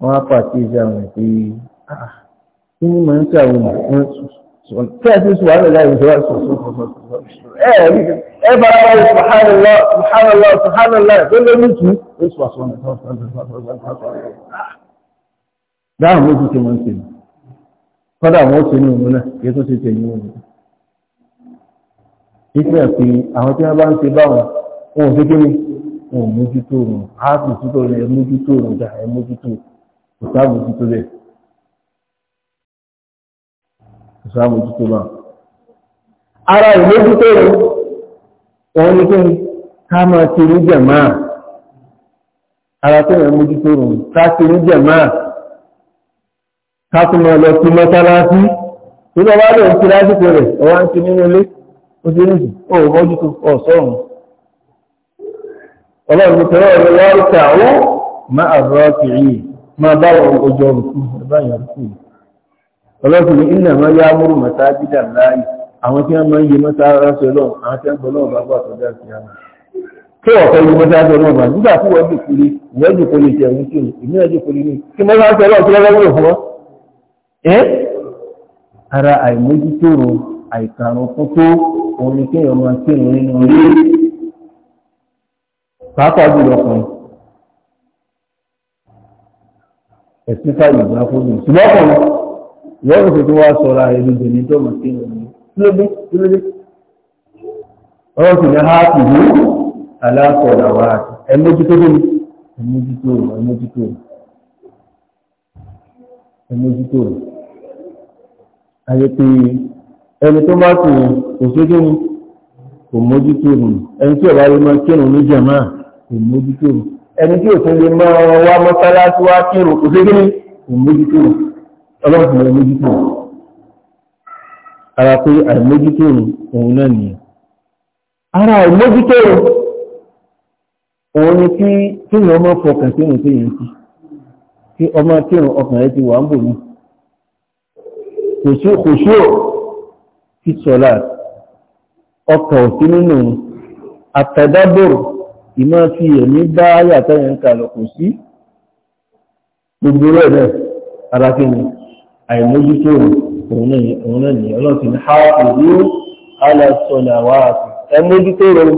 wọ́n á pàṣẹ iṣẹ́ àwọn pé ah, kí ni màá ń ṣe àwọn ọmọ sọ̀rọ̀ tí a ti sùn wà lọ́la ìṣòro ẹ̀ ẹ bára wa yìí subhanallah subhanallah subhanallah tó lé ní tù ó sọ àṣọ ọ̀nà dáhùn ló ti ṣe wọ́n ṣe kọ́dà àwọn ó ṣe ní òun náà yẹ tó ṣe ṣe ní òun ìfẹ́ àti àwọn tí wọ́n bá ń ṣe báwọn wọn ò ṣe kí ni wọn ha òun á sì tútó òun ẹ òun dà ẹ kò sábòjútó kò sábòjútó ara ìmójútó òun òun ni kí ni ká máa ti ara tó òun ká ti ká tó máa lọ sí tó lọ́wọ́ lè ń rẹ̀ ń ti nínú ilé ọlọ́run ní tẹ́wọ́ rẹ̀ wọ́n rí tààrú má àbúrò kìí máa bá wọn ojú ọrùn kú báyà kú ọlọ́run ní ìnà máa yá múrù mọ̀tá dídà láàyè àwọn tí wọ́n máa ń yí mọ́tá ránṣẹ́ lọ́wọ́ àwọn tí wọ́n gbọ́ lọ́wọ́ bá gbọ́ àtọ́jà sí àwọn kí ọ̀fẹ́ yí mọ́tá ránṣẹ́ lọ́wọ́ pàápàá jùlọ kan ẹ̀sìn fàyè ìgbà fún mi ṣùgbọ́n kan ìwọ́n kò tó wá sọ̀rọ̀ ẹni bèèrè tó mọ̀ sí ìrìn kílódé kílódé ọ̀rọ̀ sì ní ha ti hù aláàkọ̀ọ̀dà wá ẹmójútó dé ẹmójútó ẹmójútó ẹmójútó ayé pé ẹni tó bá kù kò sí kí ni kò mójútó ẹni tí ọ̀bá rí máa kírun ní jàmáà kò mójútó rò ẹni tí òfin lè mọ wá mọ́sálásí wá kírun kò ségbé ní kò mójútó rò ara pé àìmójútó rò òun náà nìyẹn ara àìmójútó rò òun ni kí kíyàn ọmọ fọkàn kírun kíyàn sí kí ọmọ kírun ọkàn rẹ ti wà ń bò ní kòṣó fi sọ̀lá ọkàn òsínú nù àtàdábòrò ìmọ́ fi ẹ̀mí bá yàtọ̀ yẹn kàlọ̀ kò sí gbogbo rẹ̀ náà ara kí ni àìmójútó òun náà ni ọlọ́sìn ní ha òbí alásọ̀là wà áti ẹ mójútó rẹ̀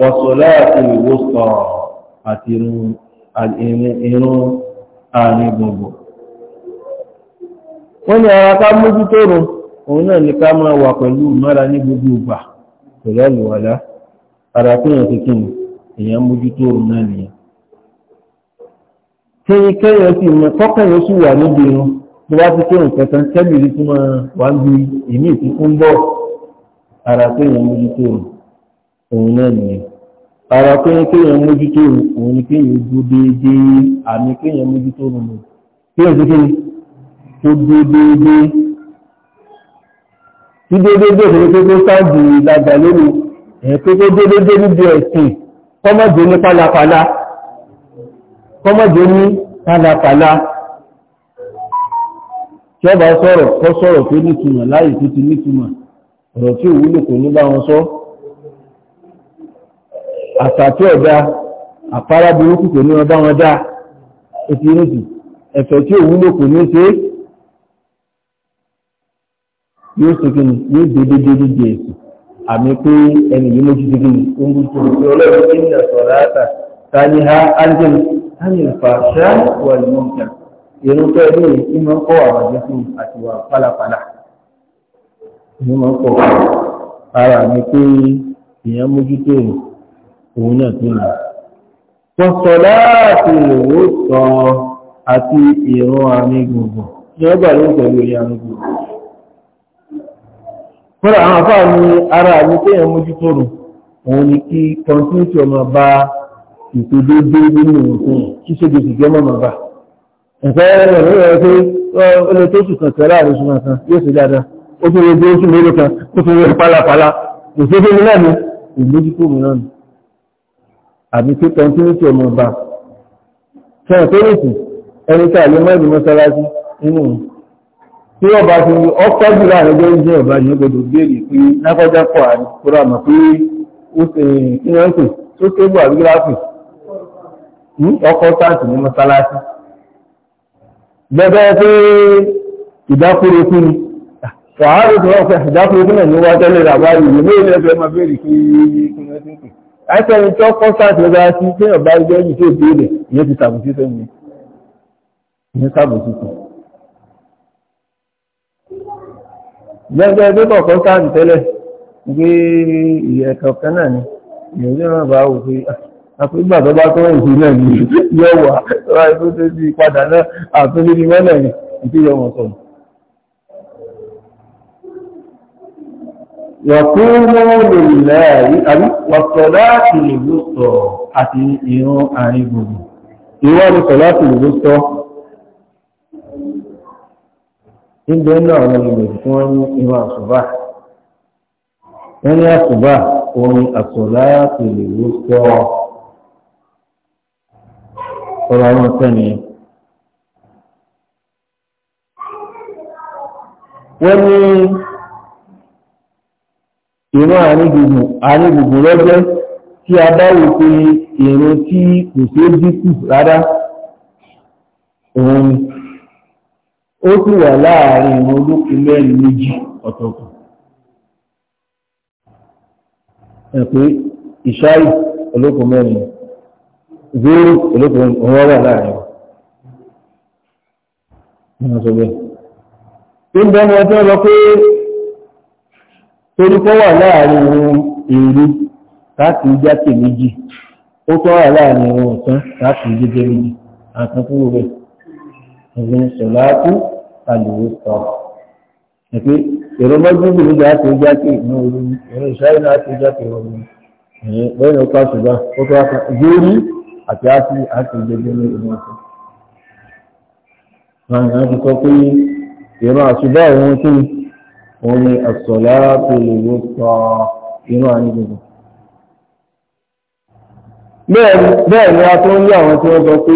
wọ̀sọ̀lá àti ìwòsàn àti irun àárín gbogbo wọ́n ní ara ká mójútó rẹ̀ òun náà ni ká máa wà pẹ̀lú ìmọ́ra ní gbogbo ìgbà pẹ̀lú àlùwàlá ara kí ni ti kí ni èèyàn mójútó òun náà nìyẹn kẹ́yìn kẹ́yìn ọtí ìmọ̀ kọ́kẹ́yìn oṣù wà níbi irun tó bá ti kẹ́yìn kẹtàn kẹ́bìrì tí wọ́n wà ń bi èmi ìtìkú ń bọ̀ ara kẹ́yìn mójútó òun náà nìyẹn ara kẹ́yìn kẹ́yìn mójútó òun ni kẹ́yìn ojú déédéé àmì kẹ́yìn mójútó òun ni kẹ́yìn tó tó déédéé tí déédéé bẹ̀rẹ̀ pé kó sáàdì ìdàgbà lónìí ẹ̀ déédéé níbi ẹ̀sìn kọ́mọ̀dé ní pálapàla kọ́mọ̀dé ní pálapàla tí ọba sọ̀rọ̀ kọ́ sọ̀rọ̀ tó nítumọ̀ láyé tó ti nítumọ̀ ọ̀rọ̀ tí òwúlò kò ní bá wọn sọ àṣà tí ọ̀dá àpárá burúkú kò ní wọn bá wọn dá ètò ìrìnsì ẹ̀fẹ̀ tí òwúlò kò ní ṣe yóò ṣe kí ni yóò dédé dédé ẹ̀sìn àmì pé ẹni yìí mójú ti gbìn ó ń bú tó pé ọlọ́run tí ń yà sọ̀rọ̀ àtà ta ni ha ángel ángel fàṣà wà ní mọ́ǹkà irun tó ẹni yìí tí máa ń kọ́ àbàjẹ́ fún àti wà pálapàla ìyẹn máa kọ́ ara mi pé ìyẹn mójú òun náà tó nà. Sọ̀sọ̀lá àti ìrò sọ àti ìrún àmì gbùngbùn ní ọgbà ló ń pẹ̀lú ìyá gbùngbùn fúnra àwọn afá ní ara ní kéèyàn mójú tóòrùn òun ni kí kọ́ńtínítì ọmọ bá ìpèdédé nínú òkun kí ṣe gbèsè jẹ́ mọ́mọ́ bá ẹ̀fẹ́ rẹ̀ ló rẹ̀ pé ọlọ́ tó sùn kàn tẹ̀lé àrùn sùn kan yóò sì dáadáa ó tún lè dé oṣù mélòó kan ó tún lè pálapàla kò sí fún tí wọ́n bá ti ọkọ̀ jù láàrin ló ń ọ̀bá ní gbọdọ̀ béèrè pé lágbájá pọ̀ àrí àmọ́ pé ó ṣe ìpínlẹ̀ èkó tó kébù àrígíráfì ní ọkọ̀ sáàtì ní mọ́sálásí bẹ́ẹ̀ pé ìdákúrekú ni wàhálà wọ́n fẹ́ tẹ́lẹ̀ ìwé ẹgbẹ́ béèrè pé ìpínlẹ̀ àìsàn kọ́ gẹ́gẹ́ bí kọ̀ọ̀kan sáàdì tẹ́lẹ̀ gbé ìyẹ̀ kọ̀ọ̀kan náà ni ìyẹ̀ orí náà bá wò pé ah, àpégbà tó bá tó òfin náà ni yóò wà rà tó tó ti padà náà ni wọ́n náà ni ìdí yọ wọn sọ̀rọ̀. Wàkúrò lè láàrí àbí níbẹ̀ náà àwọn olùgbò tí wọ́n ní ìwà àṣùbà wọ́n ní àṣùbà orin àṣọlá pèlè ló sọ ọ̀rọ̀ àwọn sẹ́ni. wọ́n ní ìran àárín gbùngbùn lọ́jọ́ tí a bá wò pé ìran tí kò ṣeé dínkù rárá òun ni. ó sì wà láàrin ìwọ̀n olókè mẹ́rin méjì ọ̀tọ̀ọ̀tọ̀ ẹ̀pẹ́ ìṣáì olókè mẹ́rin zero olókè ọ̀rọ̀ láàrin wọn sọ bẹ́ẹ̀ tí ń bẹ́ẹ̀ lọ pé wà láàrin ìwọ̀n èrú láti jákè méjì ó tọ́ láàrin ọ̀tán ìyẹn sọ̀láàtú àlùwòsàn ẹ̀pẹ́ ìrọ̀mọ́jú gbòógbò àti ìjáde ní orí ìrìn ìṣáyé náà àti ìjáde ọ̀run ẹ̀yìn lẹ́yìn ọ̀pá ṣùgbọ́n ó tó wáṣọ ìgbérí àti àti àti ìjẹjẹ ní ìrìn ọ̀sán. Àwọn èèyàn ti kọ́ pé ìran àṣùbọ́ òun kí òun ni àsọ̀láàtú àlùwòsàn ìran àníjọba bẹ́ẹ̀ a tó ń yí àwọn tí wọ́n sọ pé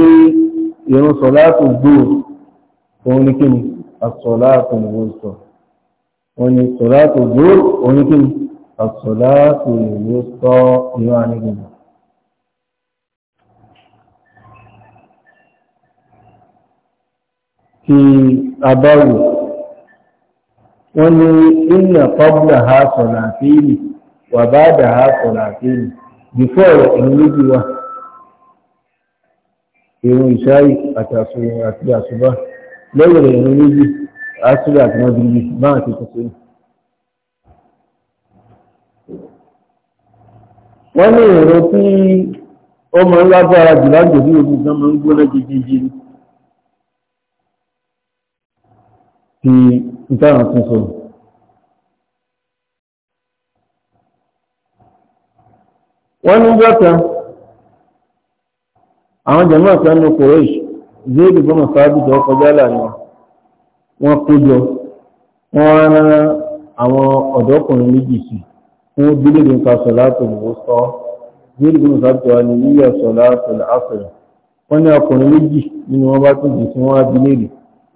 ìrun sọ̀látù gbòòrò òun ní kí ni àsọ̀látù ìwòsàn wọ́n ní sọ̀látù gbòòrò òun ní kí ni àsọ̀látù ìwòsàn ìwọ̀n àníkìnnà ti abáwò wọ́n ní inna qabla ha sọ̀làfíìlì wà ba'da ha sọ̀làfíìlì before ìrun méjì wà ìrun ìṣáì àti àṣùbá lẹ́yìn rẹ̀ ìrun méjì àṣùbá àti mọ́júlì bá àti tuntun wọ́n ní ìrun tí ó mọ̀ ń lágbára jù lágbè bí ogun gan mọ̀ ń gbóná jíjíjí ti ìtàràn tuntun wọ́n ní jọ́ta àwọn jẹ̀mọ́ àtànú kòrèṣ zéèdì bọ́mà sáábìtì ọkọ̀ jálà ni wọ́n péjọ wọ́n rán àwọn ọ̀dọ́kùnrin méjì sí fún bílíìdì ń ka sọ̀láàtò ló sọ zéèdì bọ́mà sáábìtì wa ni yíyà sọ̀láàtò àfẹ̀rẹ̀ wọ́n ní ọkùnrin méjì nínú wọn bá tún jù sí wọn abílẹ̀rì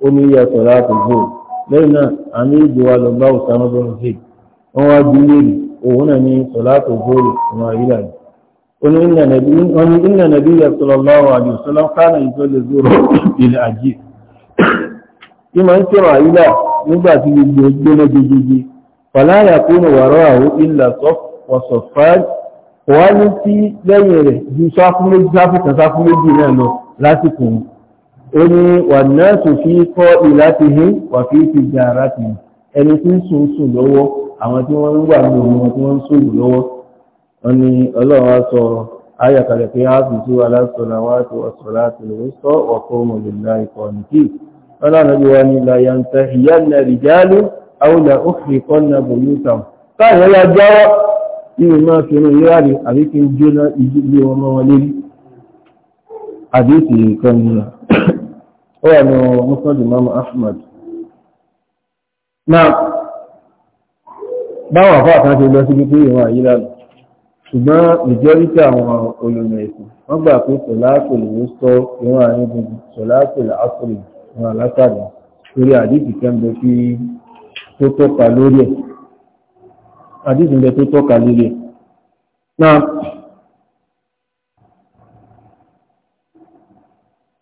ó ní yíyà sọ̀láàtò gbòò lẹ́yìn náà àmì ìjọ wa lọ bá òsánú bọ́mà zéèdì wọ́n wá abílẹ̀rì òun náà ní قل إن نبي قل إن نبي صلى الله عليه وسلم كان يصلي الظهر إلى أجيب كما انترى إلى نبع في الجنة جيجي فلا يكون وراءه إلا صف وصفان wọ́n tí lẹ́yìn rẹ̀ ju sáfún méjì sáfún sáfún méjì náà lọ lásìkò ó ní wà náà tó fi kọ́ ìlàtìhín wà fi ti jà ara tìhín ẹni tí ń sùn sùn lọ́wọ́ àwọn tí wọ́n ń wà lóòrùn wọn tí wọ́n ń sùn lọ́wọ́ wọ́n ní ọlọ́wọ́ sọ ayàkàlẹ̀ pé a fi tó aláṣọ́lá wá tó ọ̀sọ̀lá tó lè sọ ọ̀kọ́ mọ̀lẹ́lá ikọ̀ nìkí wọ́n lánàá bí wọ́n ní láyàntà ìyáàlá rìjálú àwùlà òfin kọ́nà bòyútà táwọn rí àbí kí n jóná ilé wọn mọ́ wọn lérí àbí sì nǹkan nìyà ó wà ní mọ́sọ́dù mọ́mọ́ Ahmad náà báwọn àfọ́ àkáǹtì lọ sí pípé ìwọ̀n àyílá nù ṣùgbọ́n majority àwọn olùmọ̀ ẹ̀sìn wọ́n gbà pé sọ̀láàtò lè ó sọ ìwọ̀n àárín gbogbo sọ̀láàtò làásùlù wọn àlátàdà torí àdìsí kẹ́ńbẹ́ fi tó tọ́ka lórí ẹ̀ àdìsí ń bẹ tó tọ́ka lórí ẹ̀ náà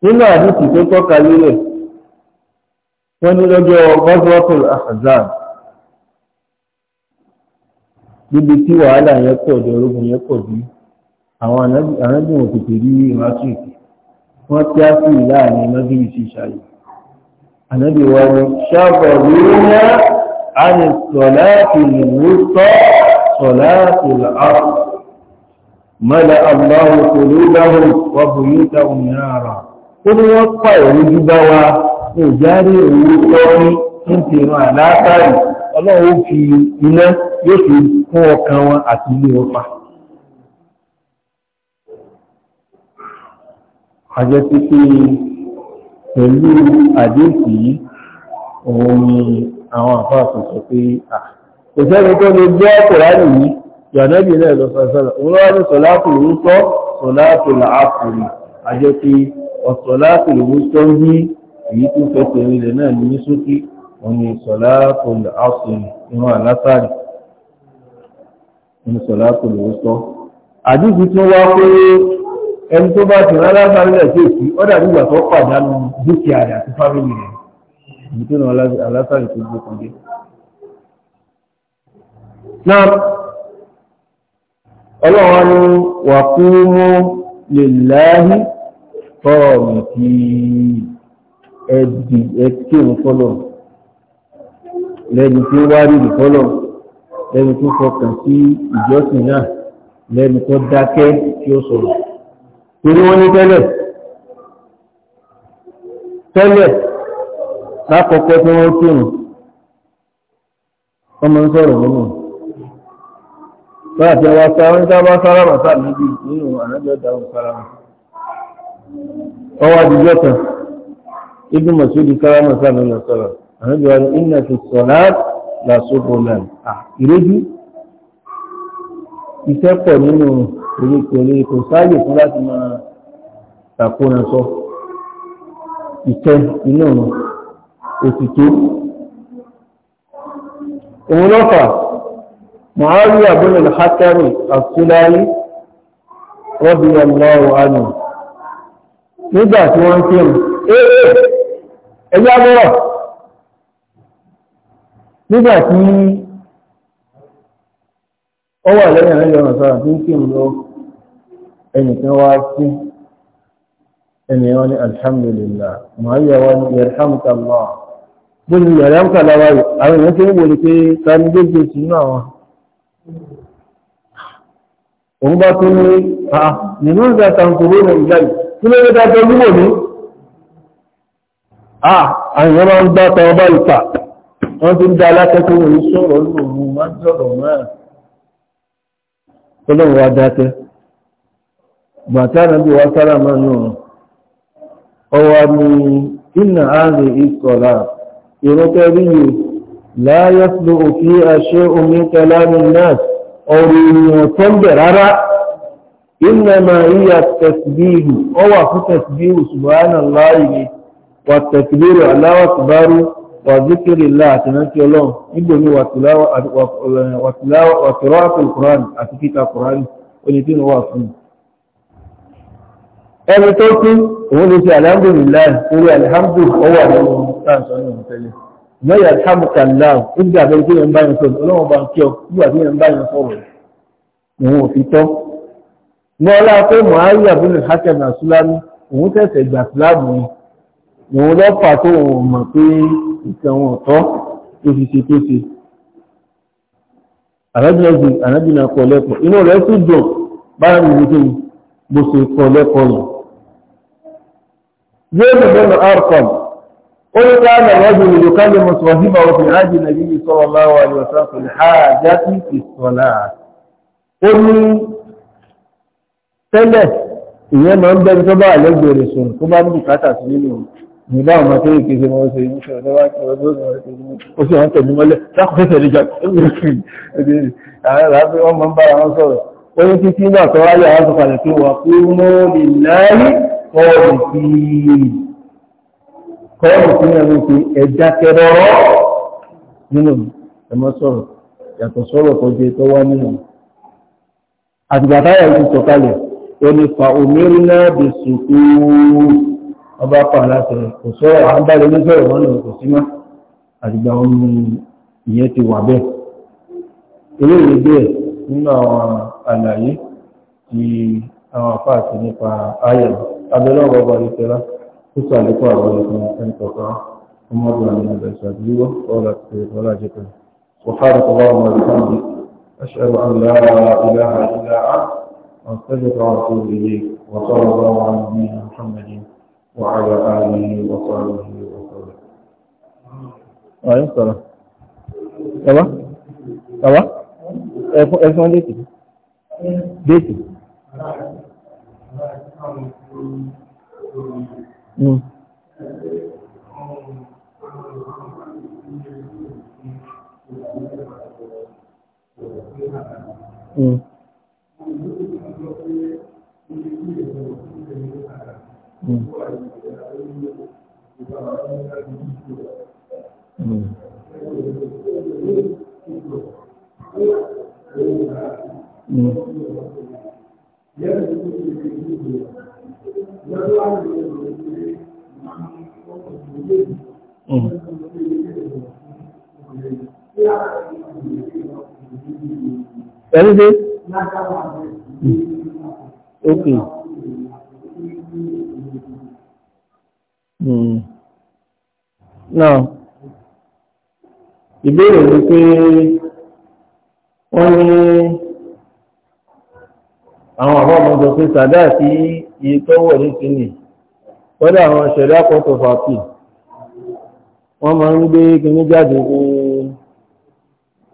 nínú àdìsí tó tọ́ka lórí ẹ̀ wọ́n ní lọ́jọ́ gọ́sọ́tò àhàzáàdì níbi tí wàhálà yẹn pọ̀ jọ orógun yẹn pọ̀ bí àwọn arábìnrin òkùnkùn rí matric wọ́n tí á sí láàrin mọ́gìrì sí ṣàyè ànábì wa ni ṣàbọ̀ lóyún á ní sọ̀láàtì ìwòsàn sọ̀láàtì àrùn mọ́lẹ̀ àbúráwò kò ló dáhùn wọ́pù yóò táwọn mìíràn ara ó ní wọ́n pa ìwé jíbá wa ní ìjáde ìwòsàn ní ti ìran àlátàrí ọlọ́run fi iná yóò fi kún ọkàn wọn àti ilé wọn pa. àjẹ́ ti pé pẹ̀lú àdéhùn yìí òun ni àwọn àfáàfẹ́ sọ pé à kò sẹ́ni tó lè gbọ́ kòránì yìí yànẹ́bì náà lọ sọ́sọ́lá òun lọ́wọ́ ní sọ̀láàtù ló ń sọ sọ̀láàtù làákùnrin àjẹ́ pé ọ̀sọ̀láàtù ló ń sọ ń bí èyí tó fẹ́ tẹ̀lé náà ní sókè òun ni sọ̀láàtù làákùnrin ìwọ̀n àlátàrí ní sọ̀látò ló sọ àdíjì tí wá pé ẹni tó bá ti rán alábàárẹ̀ sí èsì ó dàbí ìgbà tó pàdánù dúkìá rẹ̀ àti fámìlì rẹ̀ èyí tó náà alásàrì tó gbé kọjá. náà ọlọ́run ni wà kú mú lè láàyè fọ́ọ̀mù kí ẹ̀dì ẹ̀kí òun fọ́lọ̀ lẹ́ni tí ó wá rí ìfọ́lọ̀ lẹ́nu tó fọkàn sí ìjọsìn náà lẹ́nu tó dákẹ́ tí ó sọ̀rọ̀ torí wọ́n ní tẹ́lẹ̀ tẹ́lẹ̀ lákọ̀ọ́kọ́ tí wọ́n kírun ọmọ ń sọ̀rọ̀ nínú láti ọwọ́ sára ń sábà sára bàtà níbi nínú ànájọ́ ìdáhùn sára ọwọ́ àdìjọ́ kan ibi mọ̀sídìí sára mọ̀ sára mọ̀ sọ̀rọ̀ ànájọ́ ìnà fi sọ̀rọ̀ lásòbòlẹ̀ ìrójú iṣẹ́ pọ̀ nínú oríkèlé kò sáàyè fún láti máa tàkóra sọ ìtẹ́ inú ọ̀nà òtítọ́ òun lọ́fà mọ̀hárí àbúrò lọ́hákẹ́rì àtúláyé rọ́bì ọlọ́rọ̀ àná nígbà tí wọ́n ń kírun ẹ̀yà bọ́rọ̀ nígbà tí ó wà lẹ́yìn àlejò ọ̀nà sára tí ń kí n lọ ẹnìkan wá sí ènìyàn ní alhamdulillah màá yẹ wá ní yarhamukallah bóni yarhamukallah wáyé àwọn èèyàn tó ń wòlé pé ta ni gbèsè sínú àwọn òun bá tún ní a nínú ìgbà tàǹkùrú ní ìgbà yìí kí ló dé dájọ́ wíwò ní a àyìnbá ń gbá tọ́ ọba ìta wọ́n ti ń dá alákẹ́kọ̀ọ́ òun sọ̀rọ̀ lòun máa ń sọ̀rọ̀ náà ọlọ́run wa dákẹ́ bàtà nàbí wa sára máa nù ọwọ́ mi iná ààrẹ ìkọ̀lá ìrọ́kẹ́ rí yìí láyé ló òfin àṣẹ omi kẹlámi náà ọ̀rọ̀ ènìyàn tó ń bẹ̀ rárá iná máa yíya tẹ̀síbíìrù ọwà fún tẹ̀síbíìrù subhanallahi wa tẹ̀síbíìrù Allahu akbaru wà zikiri láà àti rántí ọlọ́run nígbò ní wàtúrọ́ àtùkùránì àti kíkà kùránì oní tí wọ́n wà fún ẹni tó kú òun lè ṣe alhamdulilayi orí alhamdu ọwọ́ àwọn ọmọ sáàsọ́ ní ọ̀hún tẹ́lẹ̀ lọ́yà alhamdulillah ó dà bẹ́ẹ̀ tí yẹn bá yẹn sọ̀rọ̀ ọlọ́run bá ń kí ọ nígbà tí yẹn bá yẹn sọ̀rọ̀ ìwọ̀n òfin tọ́ ní ọlá pé mọ̀ áyà bí nìhàkẹ́ nà súlámù òun tẹ̀sẹ̀ gbà súlámù yìí ìwọ̀n lọ́pàá tó wọ̀n mọ̀ pé ìtẹ̀wọ̀n ọ̀tọ́ tó fi ṣe tó ṣe àrábìnà kọ lẹ́kọ̀ọ́ inú rẹ̀ sì dùn bára mi wípé bó ṣe kọ lẹ́kọ̀ọ́ lọ yóò lè bẹ́ẹ̀ lọ arkham ó ní ká lọ rọ́jò lè ká lè mọ̀ sọ hímà òfin ájì nàbí yìí sọ̀rọ̀ tẹ́lẹ̀ ìyẹn máa ń bẹ́ẹ̀ tó bá àlẹ́gbẹ̀rẹ̀ sọ̀rọ̀ tó bá ń bùkátà sí nínú nígbà ọmọ tó yìí kéde wọn ṣe ìmúṣẹ ọdọwà ó sì wọn tẹ̀lé mọ́lẹ̀ sákòóṣẹ̀ níjà ààrẹ wọn máa ń bára wọn sọ̀rọ̀ ó ní títí náà tó wáyé àwọn tó padà pé wà pé mọ́ lè láyé kọ́ọ̀rù sí kọ́ọ̀rù sí ẹ̀rọ pé ẹ̀dá kẹrọrọ nínú ẹ̀mọ́ sọ̀rọ̀ yàtọ̀ sọ̀rọ̀ tó jẹ tó wá nínú àtìgbà táyà ti sọ̀kalẹ̀ ó ní fa òmìnira bẹ̀sùn ọba pa aláṣẹ kò sọ́rọ̀ à ń bá lórí sọ̀rọ̀ wọn lọ kò sí mọ́ àdìgbà wọn ni ìyẹn ti wà bẹ́ẹ̀ eré ìwé díẹ̀ nínú àwọn àlàyé ti àwọn àfáàtì nípa ayẹ̀ abẹ́lọ́wọ́ ọba ìfẹ́lá ó sàlékọ́ àwọn ẹ̀sìn ẹni kọ̀ọ̀kan ọmọdé àwọn ẹ̀sìn ti ọ̀la jẹ́kọ̀ọ́ وخالق اللهم وبحمدك أشهد أن لا إله إلا أنت أستغفرك وأتوب إليك وصلى الله على وعلى آله وصحبه وسلم أيوة صلاة صلاة صلاة ẹfún déètì déètì Mm. Ẹni dé? Ok. Hmm náà ìbéèrè ni pé wọ́n ní àwọn àwọn ọmọdé pé sàdá sí iye tó wọ̀ ní kíní wọ́dà àwọn ṣẹ̀dá kọ́tọ̀ fàpì wọ́n máa ń gbé kíní jáde ní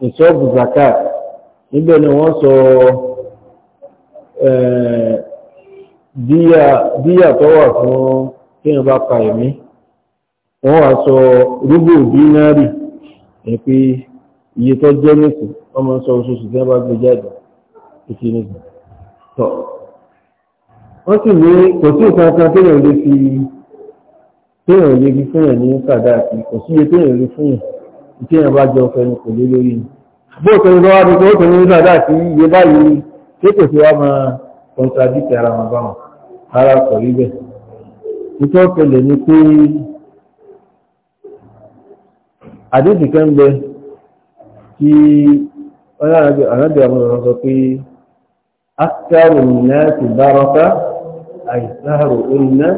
ìṣọ́ọ̀bù zakat níbẹ̀ ni wọ́n sọ díyà tó wà fún kí wọ́n bá pa ẹ̀mí wọ́n wá sọ rúgbò dínárì ẹ̀ pé iye tó jẹ́ nìkan wọ́n máa ń sọ oṣooṣù tí wọ́n bá gbé jáde títí nìkan tọ̀ wọ́n sì ní kò sí nǹkan kan téèyàn lè fi téèyàn lè fi fún yàn ní kàdáàkì kò sí iye téèyàn lè fún yàn téèyàn bá jọ fẹnu kò lé lórí ni bó o tẹnu lọ́wọ́ ni pé ó tẹnu ní kàdáàkì iye báyìí ṣé kò sí wá máa kọ́ńtradìtì ara wọn báwọn ara kọ̀ rí bẹ́ẹ̀ nítorí pẹ̀lẹ́ ni pé àdéhùn kan bẹ kí ọlọ́dẹ àwọn ọ̀rọ̀ sọ pé akẹ́rù náà ti bárọ́ká àìsáàrù orinà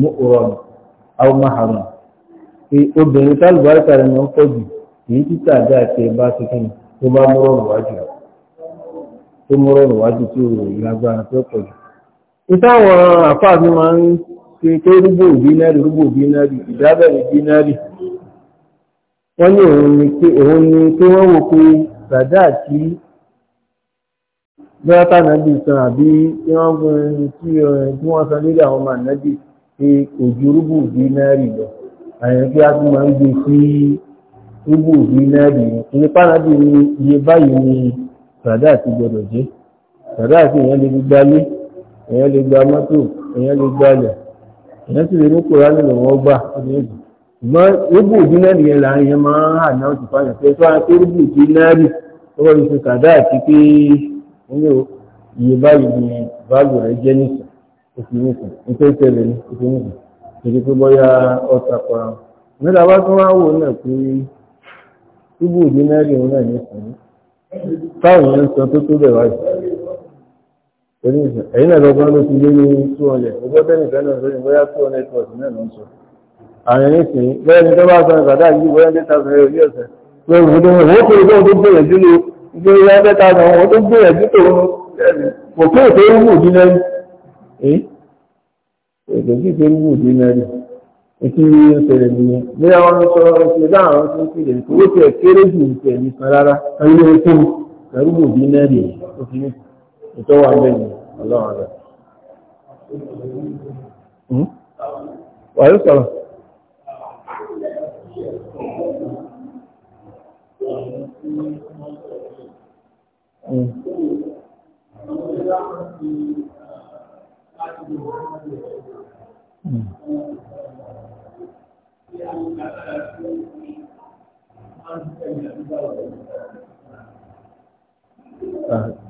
mọ́ọ̀rọ̀n àwọn obìnrin tálùbáríkà ìtàwọn àfáà ń rúgbò bínárì rúgbò bínárì ìdábẹ̀rẹ̀ bínárì wọ́n ní òun ni pé òun ni pé wọ́n wò pé bàdá àti bẹ́ẹ̀tà nàbì san àbí tí wọ́n gun tí tí wọ́n san lórí àwọn ọmọ ànábì pé òjò rúbù bí náírì lọ àyẹ̀ pé a tún máa ń gbé sí rúbù bí náírì ní pànàbì ni iye báyìí ni bàdá àti gbọdọ̀ jẹ́ bàdá àti èèyàn lè gba lé èèyàn lè gba mọ́tò èèyàn lè gba ilẹ̀ èèyàn sì lè ní kòránì lọ́wọ́ gbà ọdún ẹ̀dùn ṣùgbọ́n rúbù dínárì yẹn là ń yẹn máa ń hà náà tìfà yẹn pé tó wá pé rúbù dínárì lọ́wọ́ ní ṣe kàdá àti pé nílò iye báyìí ni báàgù rẹ̀ jẹ́ nìkan oṣù nìkan nítorí tẹ̀lé ní oṣù nìkan kìí pé bóyá ọ̀tà pa nígbà wá tó wá wò náà pé rúbù dínárì òun náà nìkan táwọn yẹn ń sọ tó tó bẹ̀ wáyé ẹ̀yin náà lọ́gbọ́n ló ti lé ní two hundred ọgbọ́n tẹ́nìkan àwọn ẹni sìn bẹ́ẹ̀ ni tó bá sọ ìgbàdá yìí bóyá tẹ́ta sọ èrò ní ọ̀sẹ̀ pé òfin òun kò tó tó gbìyànjú ni ìgbé ìyá tẹ́ta sọ òun tó gbìyànjú tòun kò pé ètò ìwù dínẹ́rì ètò ìdíje ìwù dínẹ́rì ìtí ń ṣẹlẹ̀ nìyẹn bí àwọn sọ ìṣẹ̀lẹ̀ dáhùn tó ń kílẹ̀ owó tí ẹ̀ kéré jù ń tẹ̀ nípa rárá ẹni ní tó ẹrú wù dínẹ́rì hmm? sọ̀rọ̀.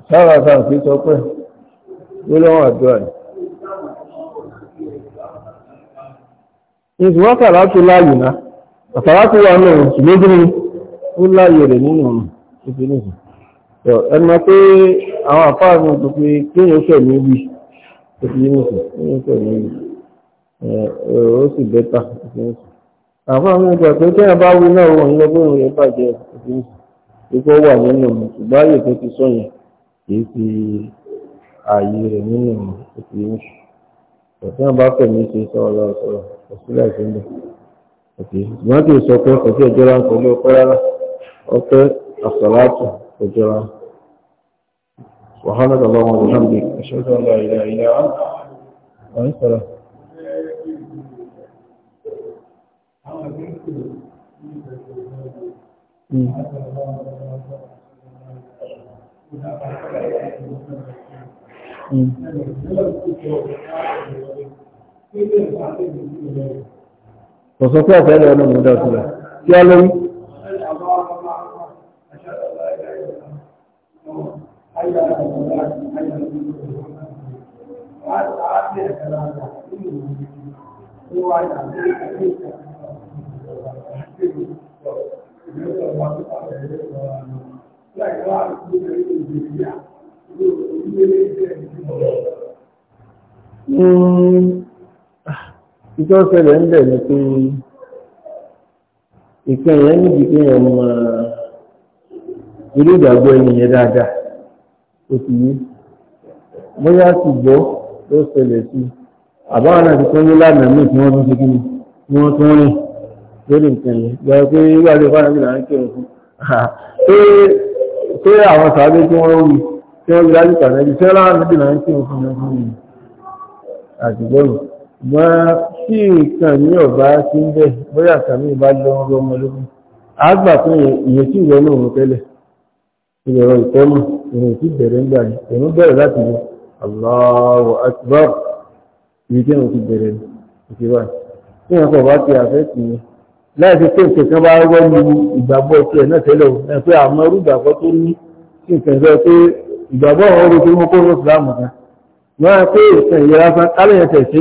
Sára kan kìí sọ pé, wílọ́wọ́ àdúrà ni. Ìsìnwọ́n láàyè náà, àkàrá tó wà náà, ṣùgbọ́n ó láyé rẹ̀ nínú ọ̀nà tó fi nìkan ẹnu pé àwọn àfáà náà tó pé kéèyàn fẹ̀ ní wí tó fi nìkan kéèyàn fẹ̀ ní wí ó sì bẹ́tà tó fi nìkan àfáà náà gbà pé kéèyàn bá wí náà wọ̀nyí lọ́gbọ́n rẹ̀ bàjẹ́ tó fi nìkan ikú wà nínú ṣùgbọ́n àyè tó ti sọ kìí fi ààyè rẹ̀ nínú ètò ìmúṣù ọ̀sán àbá fẹ̀mí ṣe sọ̀rọ̀ lọ́wọ́ sọ̀rọ̀ ọ̀sílẹ̀ ìṣẹ́ńdẹ̀ ṣùgbọ́n kì í sọ pé kò sí ẹjọ́ ráńkọ́ ló pẹ́ rárá ọpẹ́ àsàlátù òjọra wàhálà lọ́wọ́ ìhàmdì ìṣẹ́jọ́ ọlọ́ ilẹ̀ ilẹ̀ àìsàrà Mm. Kò sọ pé ọ̀fẹ́ lọ́nà mú dá sílẹ̀. Tí lórí? Hmm. Ìjọ́ ṣẹlẹ̀ ń bẹ̀ ọrụ pé ọrụ ìyẹn ọrụ pé ọrụ ilé ọrụ ẹni ọrụ dáadáa. oṣù yìí bóyá ti gbọ́ ló ṣẹlẹ̀ sí àbáwọn náà ti tún ní lánàá míì tí wọ́n tún ṣe kíni tí wọ́n tún rìn lórí nǹkan yìí gbọ́ pé wíwá lè fáwọn ìlànà ń kírun fún pé àwọn sàábé tí wọ́n rí tí wọ́n gbájú pàdé ibi tí wọ́n láwọn ìlànà ń kírun fún wọn àtìgbọ́nù wọ́n sí nǹkan ní ọ̀bá sí ń bẹ̀ bóyá sàmì ìbá lọ́wọ́ ọmọ lógún àgbà fún ìyẹn tí ìwọ náà mú tẹ́lẹ̀ ilẹ̀ ọ̀rọ̀ ìtọ́mù ìrìn tí bẹ̀rẹ̀ ń gbà ní ìrìn bẹ̀rẹ̀ láti ní Allahu Akbar ìrìn tí wọ́n ti bẹ̀rẹ̀ ìṣe wà tí wọ́n kọ̀ bá ti àfẹ́ sí i láì fi pé nǹkan kan bá wọ́n lu ìgbàgbọ́ ti ẹ̀ náà tẹ́lẹ̀ ẹ̀ pé àmọ́ irú ìgbàgbọ́ tó ní sí nǹkan sọ pé ìgbàgbọ́ àwọn orí tó mú kó ní ìsìlámù kan máa pé ìsìn ìyẹra san kálẹ̀ tẹ̀ ṣe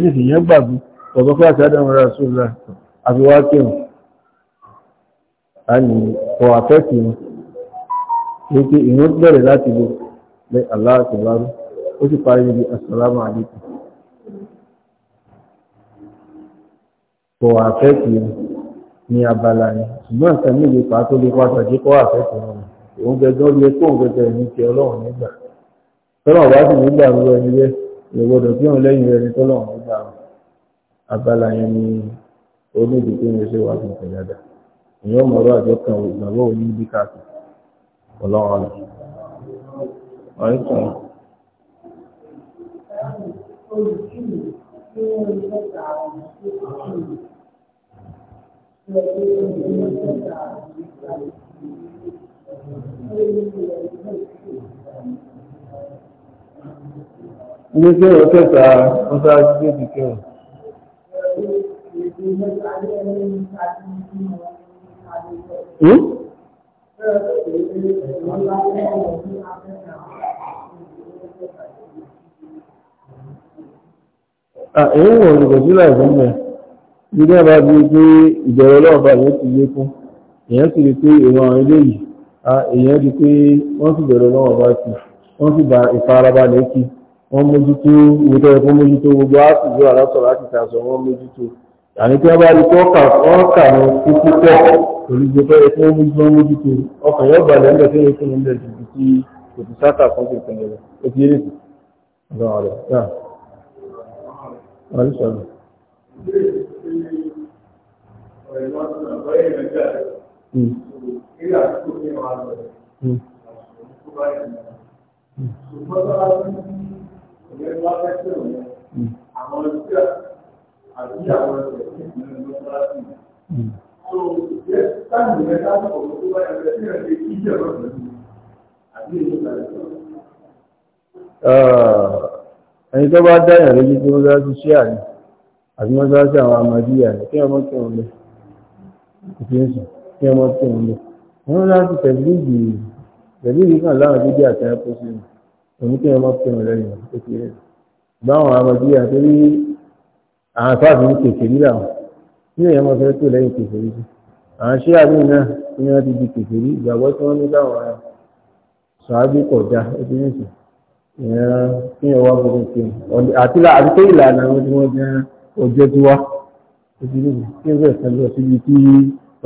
ní ọ̀ àfẹ́ ní pé ìwọ́n bẹ̀rẹ̀ láti lò lẹ́ aláàtìláàrú ó sì parí níbi asàlámù àdìkù kò àfẹ́kì ní abala ni ṣùgbọ́n nǹkan níbi pàtó lè pàtàkì kọ́ àfẹ́kì wọn òun gẹ́gẹ́ bí ẹkọ́ òun gẹ́gẹ́ ní ti ọlọ́run nígbà tọ́lọ́run bá sì nígbà rú ẹni rẹ ìwọ́dọ̀ tí òun lẹ́yìn rẹ ní tọ́lọ́run nígbà rú abala yẹn ni oníbi tó ń ṣe wà fún ìpẹ̀lẹ́dà ìyọ́mọ̀rọ̀ àjọkàn ìgbàgbọ́ òní bí káàkiri ọlọ́wọ́ lọ. ọ̀rẹ́kùn. Ilé tí ó kẹta, ó sáájú méjì kẹwàá. Hmm? Èyí wọ̀n ìgbẹ̀ sílẹ̀ ìfún mẹ́, ilé ẹ̀bá bí i pé ìjọrọ ọlọ́ọ̀bá yóò ti lé fún, èyàn sì rí pé ìwọ̀n àwọn ilé yìí, èyàn rí pé wọ́n sì bẹ̀rẹ̀ ọlọ́ọ̀bá ti, wọ́n sì bá ìfarabalẹ̀ kí, wọ́n mójútó, ìwòtọ́ ẹ̀kọ́ mójútó gbogbo àní tí wọ́n bá rí kọ́ọ̀kà kọ́ọ̀kà ní kúkú pọ̀ olùgbé tó yẹ kí wọ́n mójútó mójútó ọkàn yóò balẹ̀ ńlẹ̀ tó yẹ kí wọ́n lẹ̀ jù sí òtún sáta fún kìkan rẹ̀ ó ti rí sí ọ̀dọ̀ rẹ̀ náà. wọ́n sọ̀rọ̀. Àwọn hmm. olùsíà hmm. hmm àti àwọn ẹgbẹ́ tí ìpínlẹ̀ mọ́sálásì. Ó jẹ́ táàmù rẹ̀ lásìkò tó bá ẹgbẹ́ tí ẹgbẹ́ kí jẹ́ lọ́sẹ̀ àti èyí ìgbàlejò. Ẹni tó bá dáyà lójú tó mọ́sálásì ṣé àní àti mọ́sálásì àwọn àmàdíyà ní kí ọmọ kí òun lè ìfínsì kí ọmọ kí òun lè. Wọ́n láti tẹ̀lé ìgbì pẹ̀lú ìríkàn láwọn dídí àtẹ́kọ́ sí òun kí ọmọ kí òun lẹ́yìn òkè rẹ̀ àwọn afáàfin ní kèfèrí làwọn ní èèyàn máa fẹ́ tó lẹ́yìn kèfèrí sí àwọn ṣé àbí náà tí wọ́n ti di kèfèrí ìgbàgbọ́ tí wọ́n ní láwọn ṣáájú kọjá ẹbí nìsí ìran kí ẹ wá gbogbo ìpè àti àti pé ìlànà àwọn tí wọ́n jẹ ọjọ́ tí wá ẹbí nìsí kí ẹgbẹ́ kan lọ síbi tí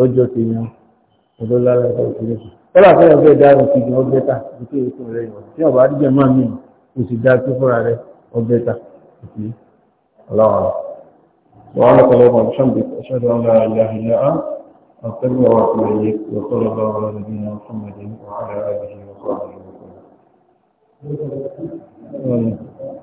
ọjọ́ ti yan ọdọ́ lára ẹ̀kọ́ ìpínlẹ̀ kọ́lá fẹ́ràn bẹ́ẹ̀ dáhùn sí gan ọgbẹ́ta ju kí èkó rẹ̀ yàn tí ọba àdìjẹ́ máa mí kò sì dá tó fúnra rẹ̀ ọgbẹ́ta ìpínlẹ̀ ọlọ́run. وعلى اللهم وبحمدك أشهد أن لا إله إلا أنت أستغفرك وأتوب إليك وصلى الله على نبينا محمد وعلى آله وصحبه وسلم.